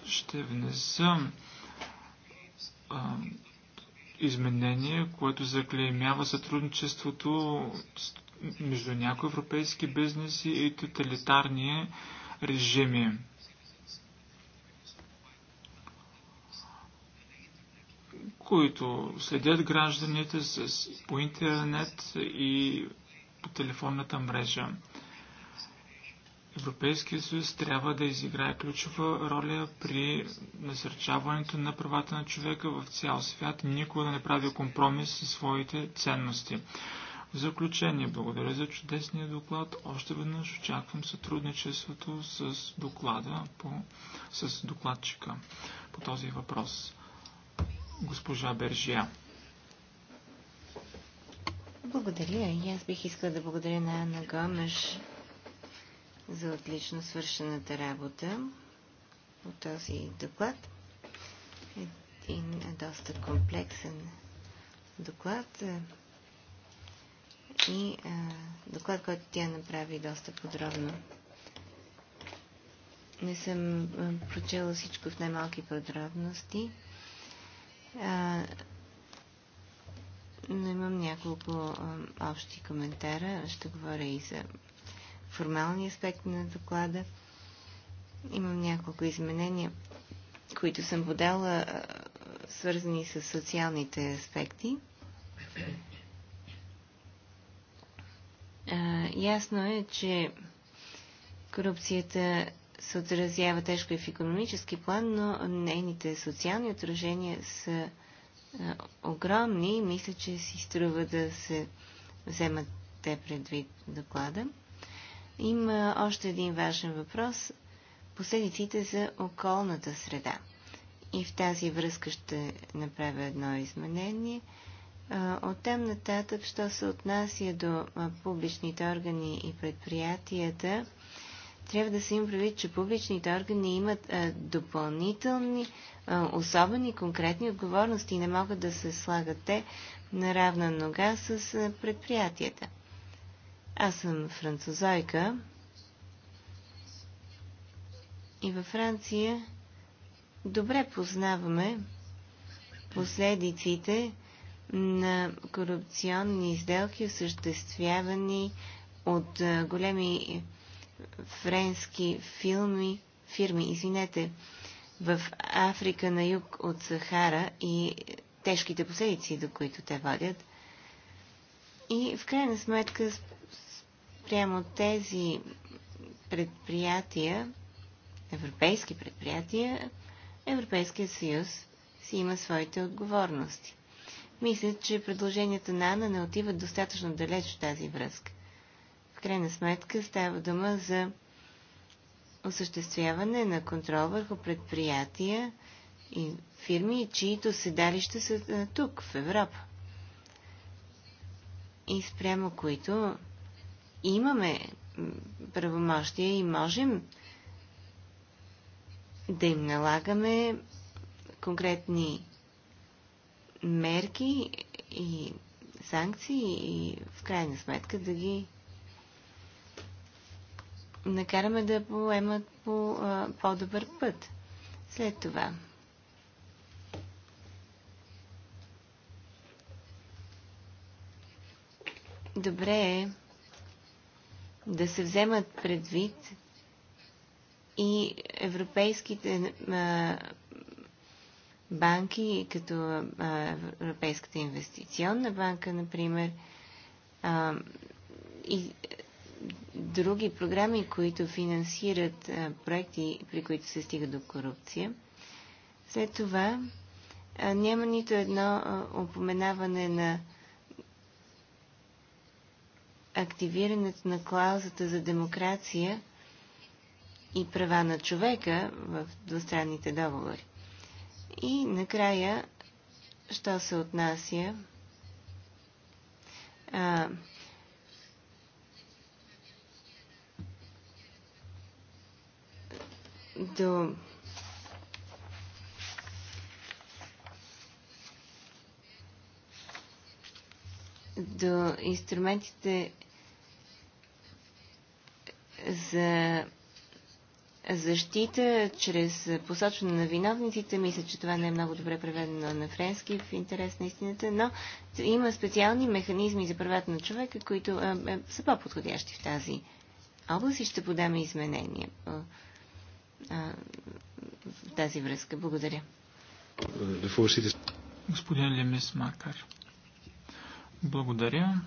Ще внеса изменение, което заклеймява сътрудничеството между някои европейски бизнеси и тоталитарни режими. които следят гражданите с, по интернет и по телефонната мрежа. Европейския съюз трябва да изиграе ключова роля при насърчаването на правата на човека в цял свят и никога да не прави компромис със своите ценности. В заключение, благодаря за чудесния доклад. Още веднъж очаквам сътрудничеството с доклада по, с докладчика по този въпрос. Госпожа Бержия. Благодаря. И аз бих искала да благодаря на Анна Гомеш за отлично свършената работа от този доклад. Един доста комплексен доклад и а, доклад, който тя направи доста подробно. Не съм прочела всичко в най-малки подробности но имам няколко а, общи коментара. Ще говоря и за формални аспекти на доклада. Имам няколко изменения, които съм подала, а, свързани с социалните аспекти. А, ясно е, че корупцията се отразява тежко и в економически план, но нейните социални отражения са огромни и мисля, че си струва да се вземат те предвид доклада. Има още един важен въпрос – последиците за околната среда. И в тази връзка ще направя едно изменение. Оттам нататък, що се отнася до публичните органи и предприятията – трябва да се им прави, че публичните органи имат а, допълнителни, а, особени, конкретни отговорности и не могат да се слагат те на равна нога с а, предприятията. Аз съм французойка и във Франция добре познаваме последиците на корупционни изделки, осъществявани от големи френски филми, фирми, извинете, в Африка на юг от Сахара и тежките последици, до които те водят. И в крайна сметка, прямо тези предприятия, европейски предприятия, Европейския съюз си има своите отговорности. Мисля, че предложенията на Ана не отиват достатъчно далеч в тази връзка крайна сметка става дума за осъществяване на контрол върху предприятия и фирми, чието седалища са тук, в Европа. И спрямо които имаме правомощия и можем да им налагаме конкретни мерки и санкции и в крайна сметка да ги накараме да поемат по по-добър път. След това. Добре е да се вземат предвид и европейските а, банки, като а, Европейската инвестиционна банка, например, а, и други програми, които финансират проекти, при които се стига до корупция. След това няма нито едно упоменаване на активирането на клаузата за демокрация и права на човека в двустранните договори. И накрая, що се отнася а, до до инструментите за защита чрез посочване на виновниците. Мисля, че това не е много добре преведено на френски в интерес на истината, но има специални механизми за правата на човека, които е, е, са по-подходящи в тази област и ще подаме изменения в тази връзка. Благодаря. Господин Лемис Макар. Благодаря.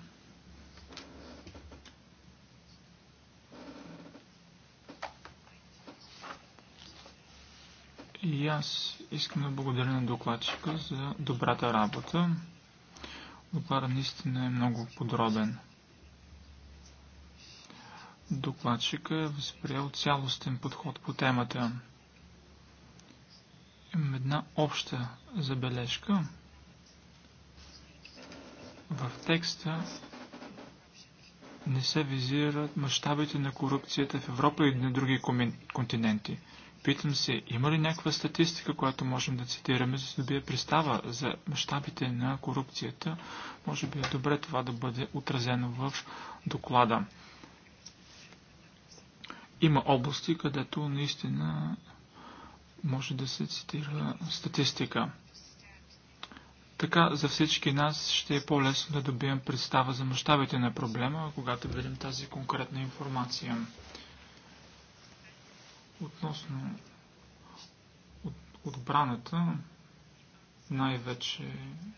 И аз искам да благодаря на докладчика за добрата работа. Докладът наистина е много подробен докладчика е възприел цялостен подход по темата. Имам една обща забележка. В текста не се визират мащабите на корупцията в Европа и на други континенти. Питам се, има ли някаква статистика, която можем да цитираме, за да бие представа за мащабите на корупцията? Може би е добре това да бъде отразено в доклада. Има области, където наистина може да се цитира статистика. Така за всички нас ще е по-лесно да добием представа за мащабите на проблема, когато видим тази конкретна информация. Относно от, отбраната, най-вече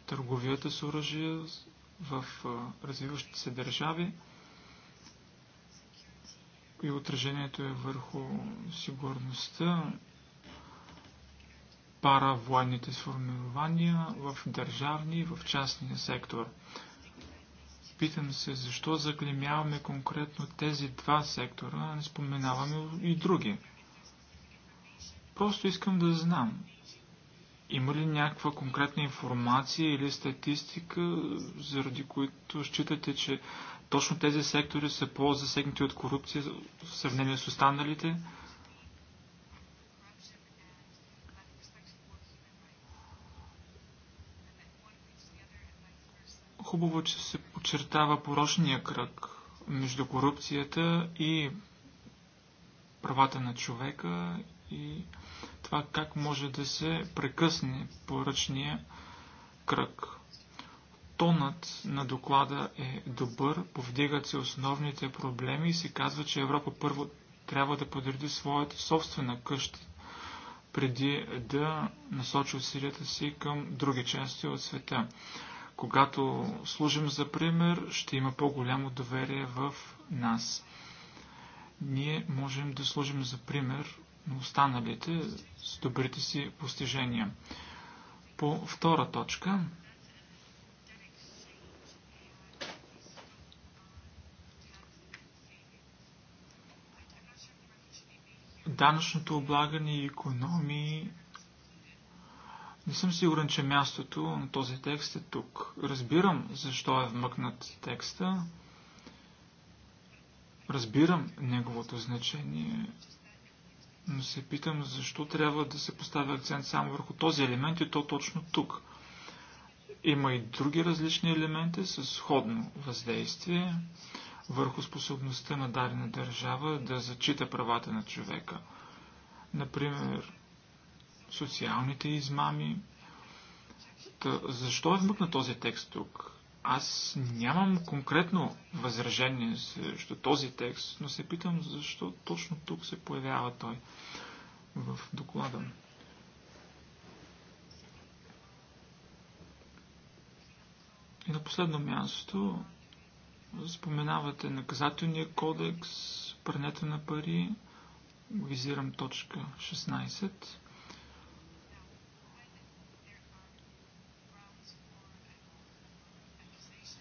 търговията с оръжия в развиващите се държави – и отражението е върху сигурността, пара военните сформирования в държавния и в частния сектор. Питам се, защо заклемяваме конкретно тези два сектора, а не споменаваме и други. Просто искам да знам. Има ли някаква конкретна информация или статистика, заради които считате, че точно тези сектори са по-засегнати от корупция в сравнение с останалите. Хубаво, че се подчертава порочния кръг между корупцията и правата на човека и това как може да се прекъсне поръчния кръг. Тонът на доклада е добър, повдигат се основните проблеми и се казва, че Европа първо трябва да подреди своята собствена къща, преди да насочи усилията си към други части от света. Когато служим за пример, ще има по-голямо доверие в нас. Ние можем да служим за пример на останалите с добрите си постижения. По втора точка данъчното облагане и економии. Не съм сигурен, че мястото на този текст е тук. Разбирам защо е вмъкнат текста. Разбирам неговото значение, но се питам защо трябва да се поставя акцент само върху този елемент и то точно тук. Има и други различни елементи с сходно въздействие върху способността на дадена държава да зачита правата на човека. Например, социалните измами. Та, защо е вмъкна този текст тук? Аз нямам конкретно възражение срещу този текст, но се питам защо точно тук се появява той в доклада. И на последно място Споменавате наказателния кодекс, прането на пари, визирам точка 16.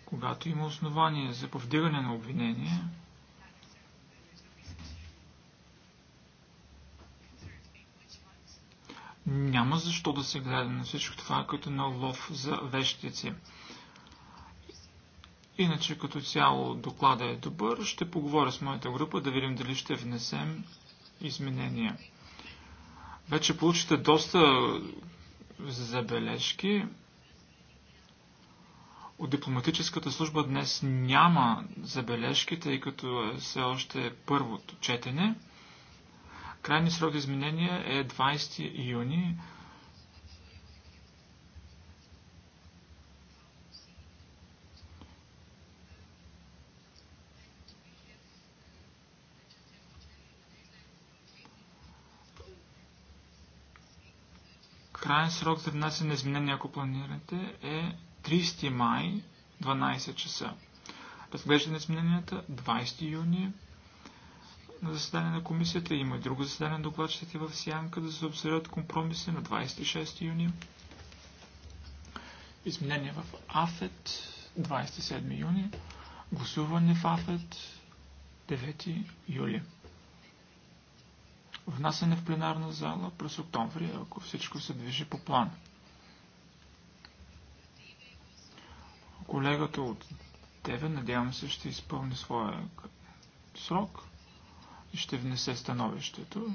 Когато има основание за повдигане на обвинение, няма защо да се гледа на всичко това като на лов за вещици. Иначе като цяло доклада е добър. Ще поговоря с моята група да видим дали ще внесем изменения. Вече получите доста забележки. От дипломатическата служба днес няма забележки, тъй като е все още е първото четене. Крайният срок изменения е 20 юни Крайен срок за внасяне на изменения, ако планирате, е 30 май, 12 часа. Разглеждане на измененията 20 юни на заседание на комисията. Има и друго заседание на докладчите в Сянка, да се обсъдят компромиси на 26 юни. Изменение в АФЕТ 27 юни. Гласуване в АФЕТ 9 юли внасяне в пленарна зала през октомври, ако всичко се движи по план. Колегата от тебе, надявам се, ще изпълни своя срок и ще внесе становището.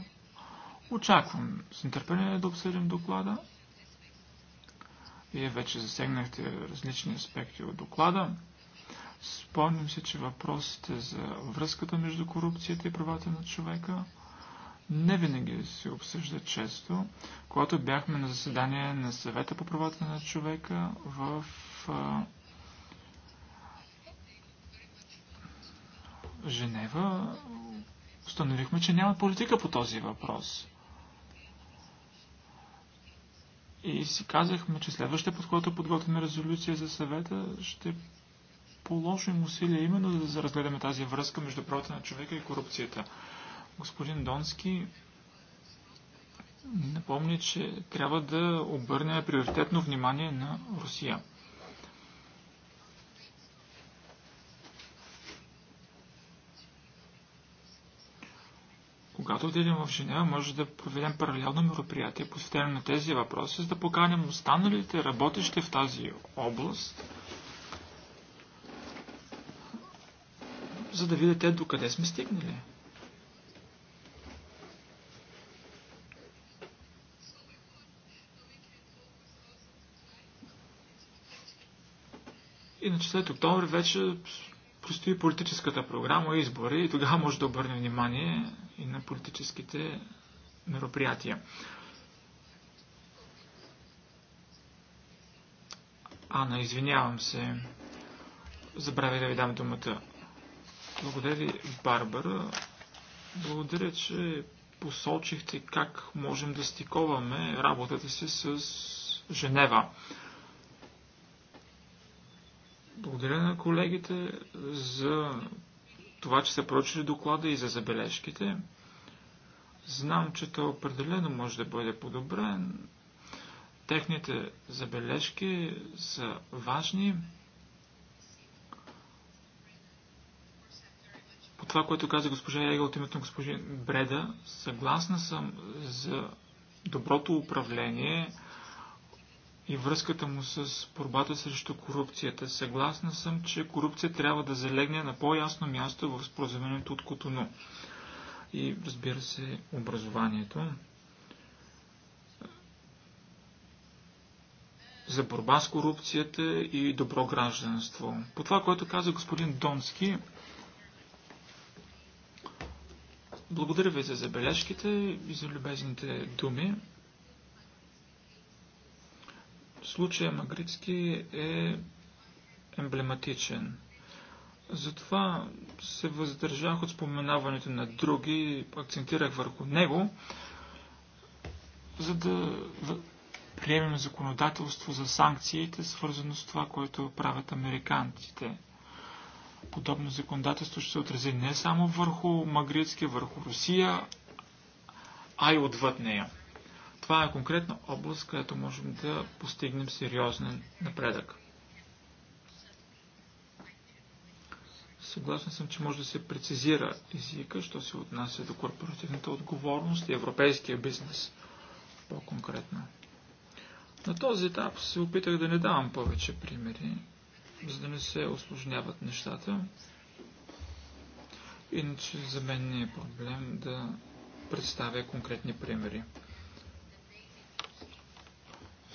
Очаквам с нетърпение да обсъдим доклада. Вие вече засегнахте различни аспекти от доклада. Спомням се, че въпросите за връзката между корупцията и правата на човека – не винаги се обсъжда често. Когато бяхме на заседание на съвета по правата на човека в Женева, установихме, че няма политика по този въпрос. И си казахме, че следващия път, когато подготвяме резолюция за съвета, ще положим усилия именно за да разгледаме тази връзка между правата на човека и корупцията. Господин Донски напомни, че трябва да обърне приоритетно внимание на Русия. Когато отидем в Женева, може да проведем паралелно мероприятие, посветено на тези въпроси, за да поканим останалите работещи в тази област, за да видят те докъде сме стигнали. Иначе след октомври вече предстои политическата програма, избори и тогава може да обърне внимание и на политическите мероприятия. Ана, извинявам се. Забравя да ви дам думата. Благодаря ви, Барбара. Благодаря, че посочихте как можем да стиковаме работата си с Женева. Благодаря на колегите за това, че са прочили доклада и за забележките. Знам, че той определено може да бъде подобрен. Техните забележки са важни. По това, което каза госпожа Егел от името на госпожа Бреда, съгласна съм за доброто управление, и връзката му с борбата срещу корупцията. Съгласна съм, че корупция трябва да залегне на по-ясно място в споразумението от Котону. И разбира се, образованието. за борба с корупцията и добро гражданство. По това, което каза господин Донски, благодаря ви за забележките и за любезните думи. Случая Магрицки е емблематичен. Затова се въздържах от споменаването на други, акцентирах върху него, за да приемем законодателство за санкциите, свързано с това, което правят американците. Подобно законодателство ще се отрази не само върху Магрицки, върху Русия, а и отвъд нея. Това е конкретна област, където можем да постигнем сериозен напредък. Съгласен съм, че може да се прецизира езика, що се отнася до корпоративната отговорност и европейския бизнес по-конкретно. На този етап се опитах да не давам повече примери, за да не се осложняват нещата. Иначе за мен не е проблем да представя конкретни примери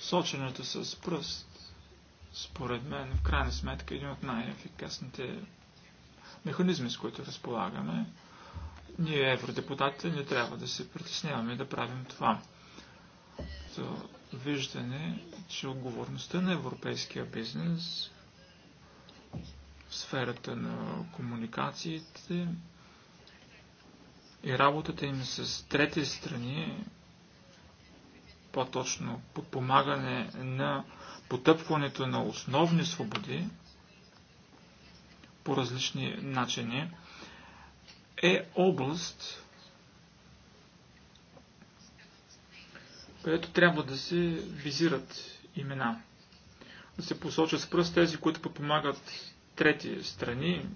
соченето с пръст, според мен, в крайна сметка, е един от най-ефикасните механизми, с които разполагаме. Ние, евродепутатите, не трябва да се притесняваме да правим това. То виждане, че отговорността на европейския бизнес в сферата на комуникациите и работата им с трети страни е по-точно подпомагане на потъпването на основни свободи по различни начини, е област, където трябва да се визират имена. Да се посочат с пръст тези, които подпомагат трети страни,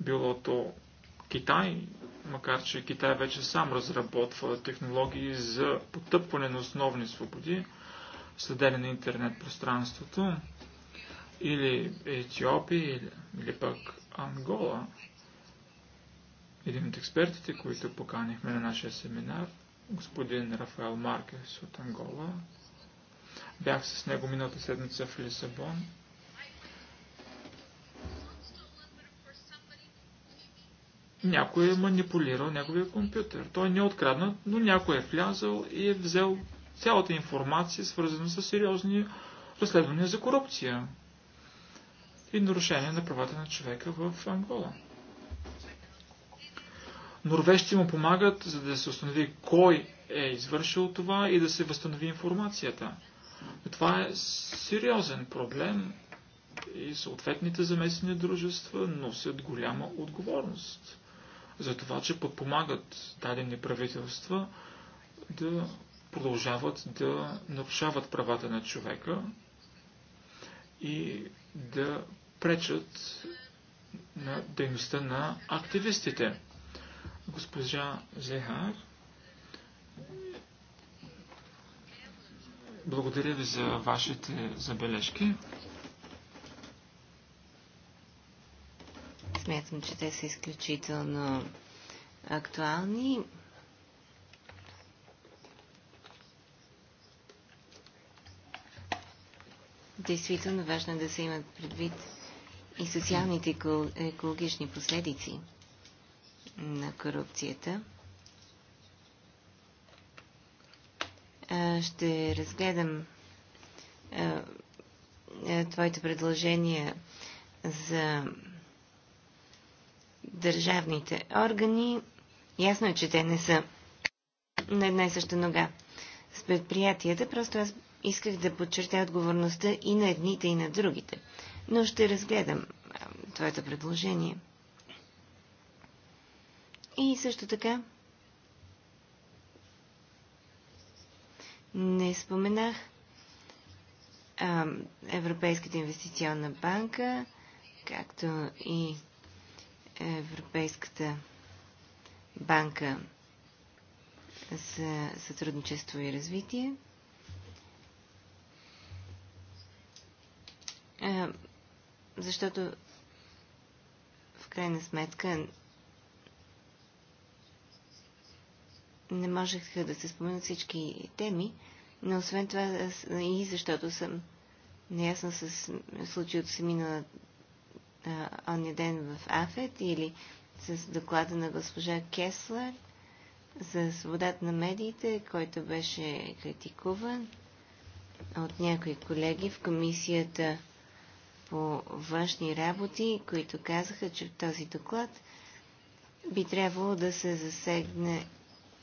било то Китай, макар че Китай вече сам разработва технологии за потъпване на основни свободи, следене на интернет пространството, или Етиопия, или, или пък Ангола. Един от експертите, които поканихме на нашия семинар, господин Рафаел Маркес от Ангола, бях с него миналата седмица в Лисабон някой е манипулирал неговия компютър. Той не е откраднат, но някой е влязал и е взел цялата информация, свързана с сериозни разследвания за корупция и нарушение на правата на човека в Ангола. Норвежци му помагат, за да се установи кой е извършил това и да се възстанови информацията. Но това е сериозен проблем и съответните замесени дружества носят голяма отговорност за това, че подпомагат дадени правителства да продължават да нарушават правата на човека и да пречат на дейността на активистите. Госпожа Зехар, благодаря ви за вашите забележки. Смятам, че те са изключително актуални. Действително важно е да се имат предвид и социалните екологични последици на корупцията. Ще разгледам твоите предложения за държавните органи, ясно е, че те не са на една и съща нога с предприятията, просто аз исках да подчертая отговорността и на едните, и на другите. Но ще разгледам твоето предложение. И също така, не споменах а, Европейската инвестиционна банка, както и Европейската банка за сътрудничество и развитие. Защото в крайна сметка не можех да се споменат всички теми, но освен това и защото съм неясна с случилото се миналата онния ден в Афет или с доклада на госпожа Кеслер за свободата на медиите, който беше критикуван от някои колеги в комисията по външни работи, които казаха, че в този доклад би трябвало да се засегне,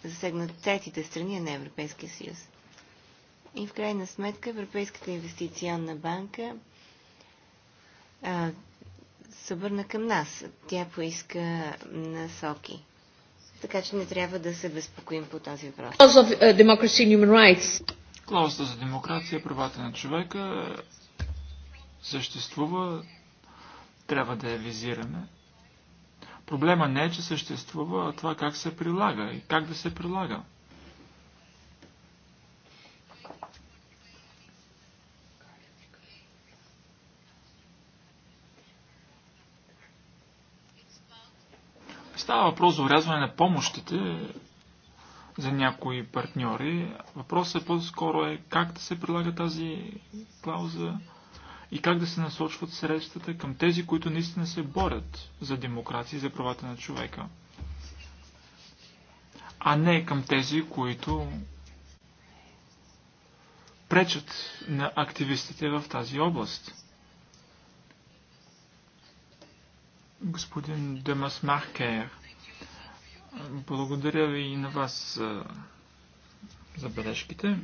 засегнат третите страни на Европейския съюз. И в крайна сметка Европейската инвестиционна банка а, се обърна към нас. Тя поиска насоки. Така че не трябва да се безпокоим по този въпрос. Uh, Клаузата за демокрация, правата на човека съществува, трябва да я визираме. Проблема не е, че съществува, а това как се прилага и как да се прилага. става въпрос за урязване на помощите за някои партньори. Въпросът е по-скоро е как да се прилага тази клауза и как да се насочват средствата към тези, които наистина се борят за демокрация и за правата на човека. А не към тези, които пречат на активистите в тази област. Господин Демас Маркер, благодаря ви и на вас за бележките.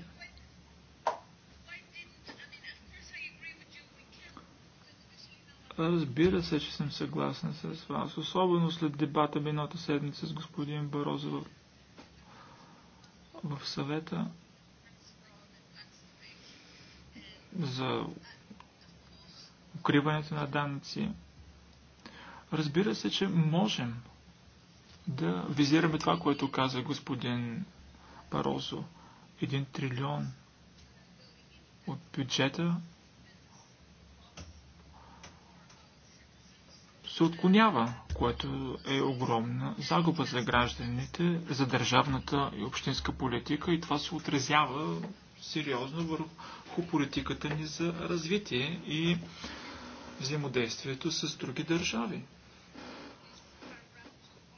Разбира се, че съм съгласен с вас, особено след дебата миналата седмица с господин Барозов в съвета за укриването на данъци. Разбира се, че можем да визираме това, което каза господин Барозо. Един трилион от бюджета се отклонява, което е огромна загуба за гражданите, за държавната и общинска политика и това се отразява сериозно върху политиката ни за развитие и взаимодействието с други държави.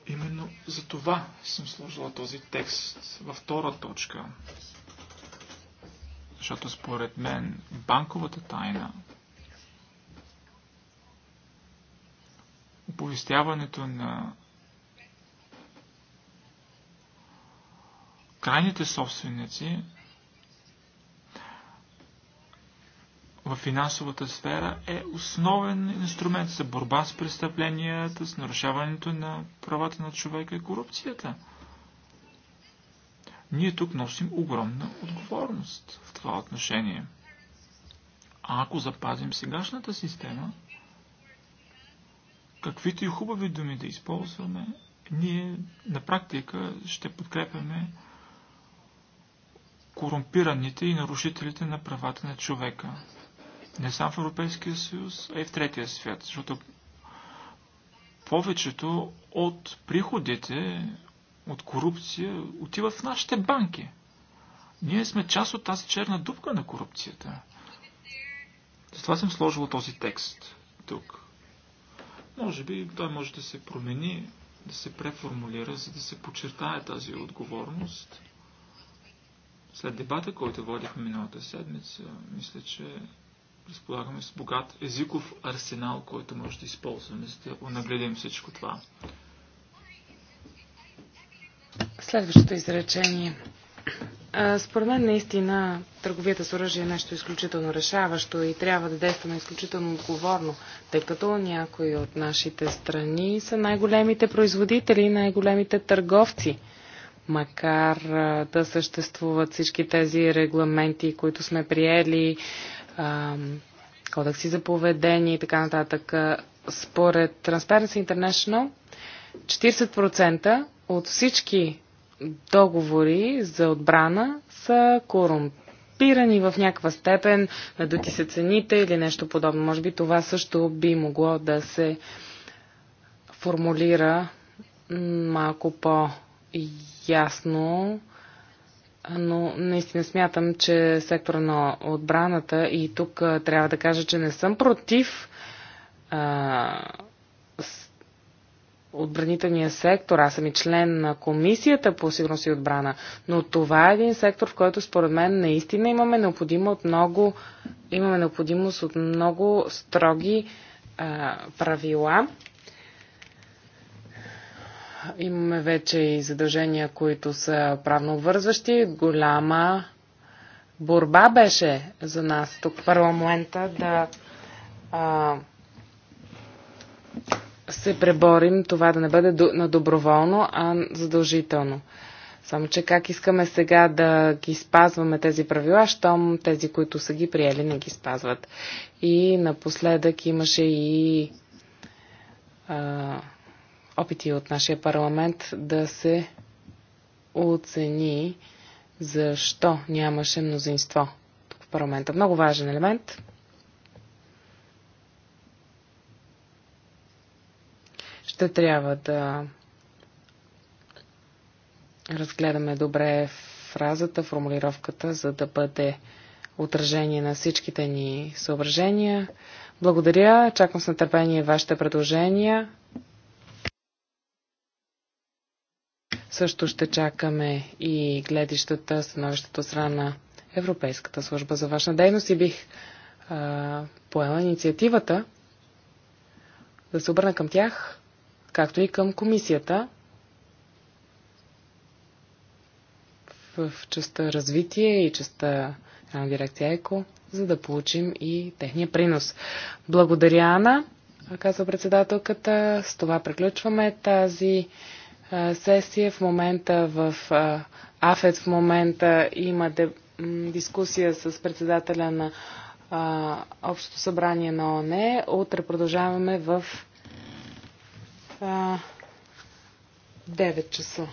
Именно за това съм сложила този текст във втора точка. Защото според мен банковата тайна, оповестяването на крайните собственици в финансовата сфера е основен инструмент за борба с престъпленията, с нарушаването на правата на човека и корупцията. Ние тук носим огромна отговорност в това отношение. А ако запазим сегашната система, каквито и хубави думи да използваме, ние на практика ще подкрепяме корумпираните и нарушителите на правата на човека не само в Европейския съюз, а и в третия свят, защото повечето от приходите от корупция отива в нашите банки. Ние сме част от тази черна дупка на корупцията. Затова съм сложил този текст тук. Може би той може да се промени, да се преформулира, за да се подчертае тази отговорност. След дебата, който водихме миналата седмица, мисля, че разполагаме с богат езиков арсенал, който може да използваме, за да нагледим всичко това. Следващото изречение. Според мен наистина търговията с оръжие е нещо изключително решаващо и трябва да действаме изключително отговорно, тъй като някои от нашите страни са най-големите производители, най-големите търговци. Макар да съществуват всички тези регламенти, които сме приели, кодекси за поведение и така нататък. Според Transparency International, 40% от всички договори за отбрана са корумпирани в някаква степен, надути се цените или нещо подобно. Може би това също би могло да се формулира малко по-ясно но наистина смятам, че сектора на отбраната и тук трябва да кажа, че не съм против а, отбранителния сектор. Аз съм и член на Комисията по сигурност и отбрана, но това е един сектор, в който според мен наистина имаме необходимост, от много, имаме необходимост от много строги а, правила Имаме вече и задължения, които са правно вързащи. Голяма борба беше за нас тук в парламента да а, се преборим това да не бъде на доброволно, а задължително. Само, че как искаме сега да ги спазваме тези правила, щом тези, които са ги приели, не ги спазват. И напоследък имаше и а, опити от нашия парламент да се оцени защо нямаше мнозинство тук в парламента. Много важен елемент. Ще трябва да разгледаме добре фразата, формулировката, за да бъде отражение на всичките ни съображения. Благодаря, чакам с нетърпение вашите предложения. Също ще чакаме и гледищата, становището страна на Европейската служба за вашна дейност и бих а, поела инициативата да се обърна към тях, както и към комисията в частта развитие и частта на дирекция ЕКО, за да получим и техния принос. Благодаря, Ана, казва председателката. С това приключваме тази сесия. В момента в АФЕД в момента има дискусия с председателя на Общото събрание на ОНЕ. Утре продължаваме в 9 часа.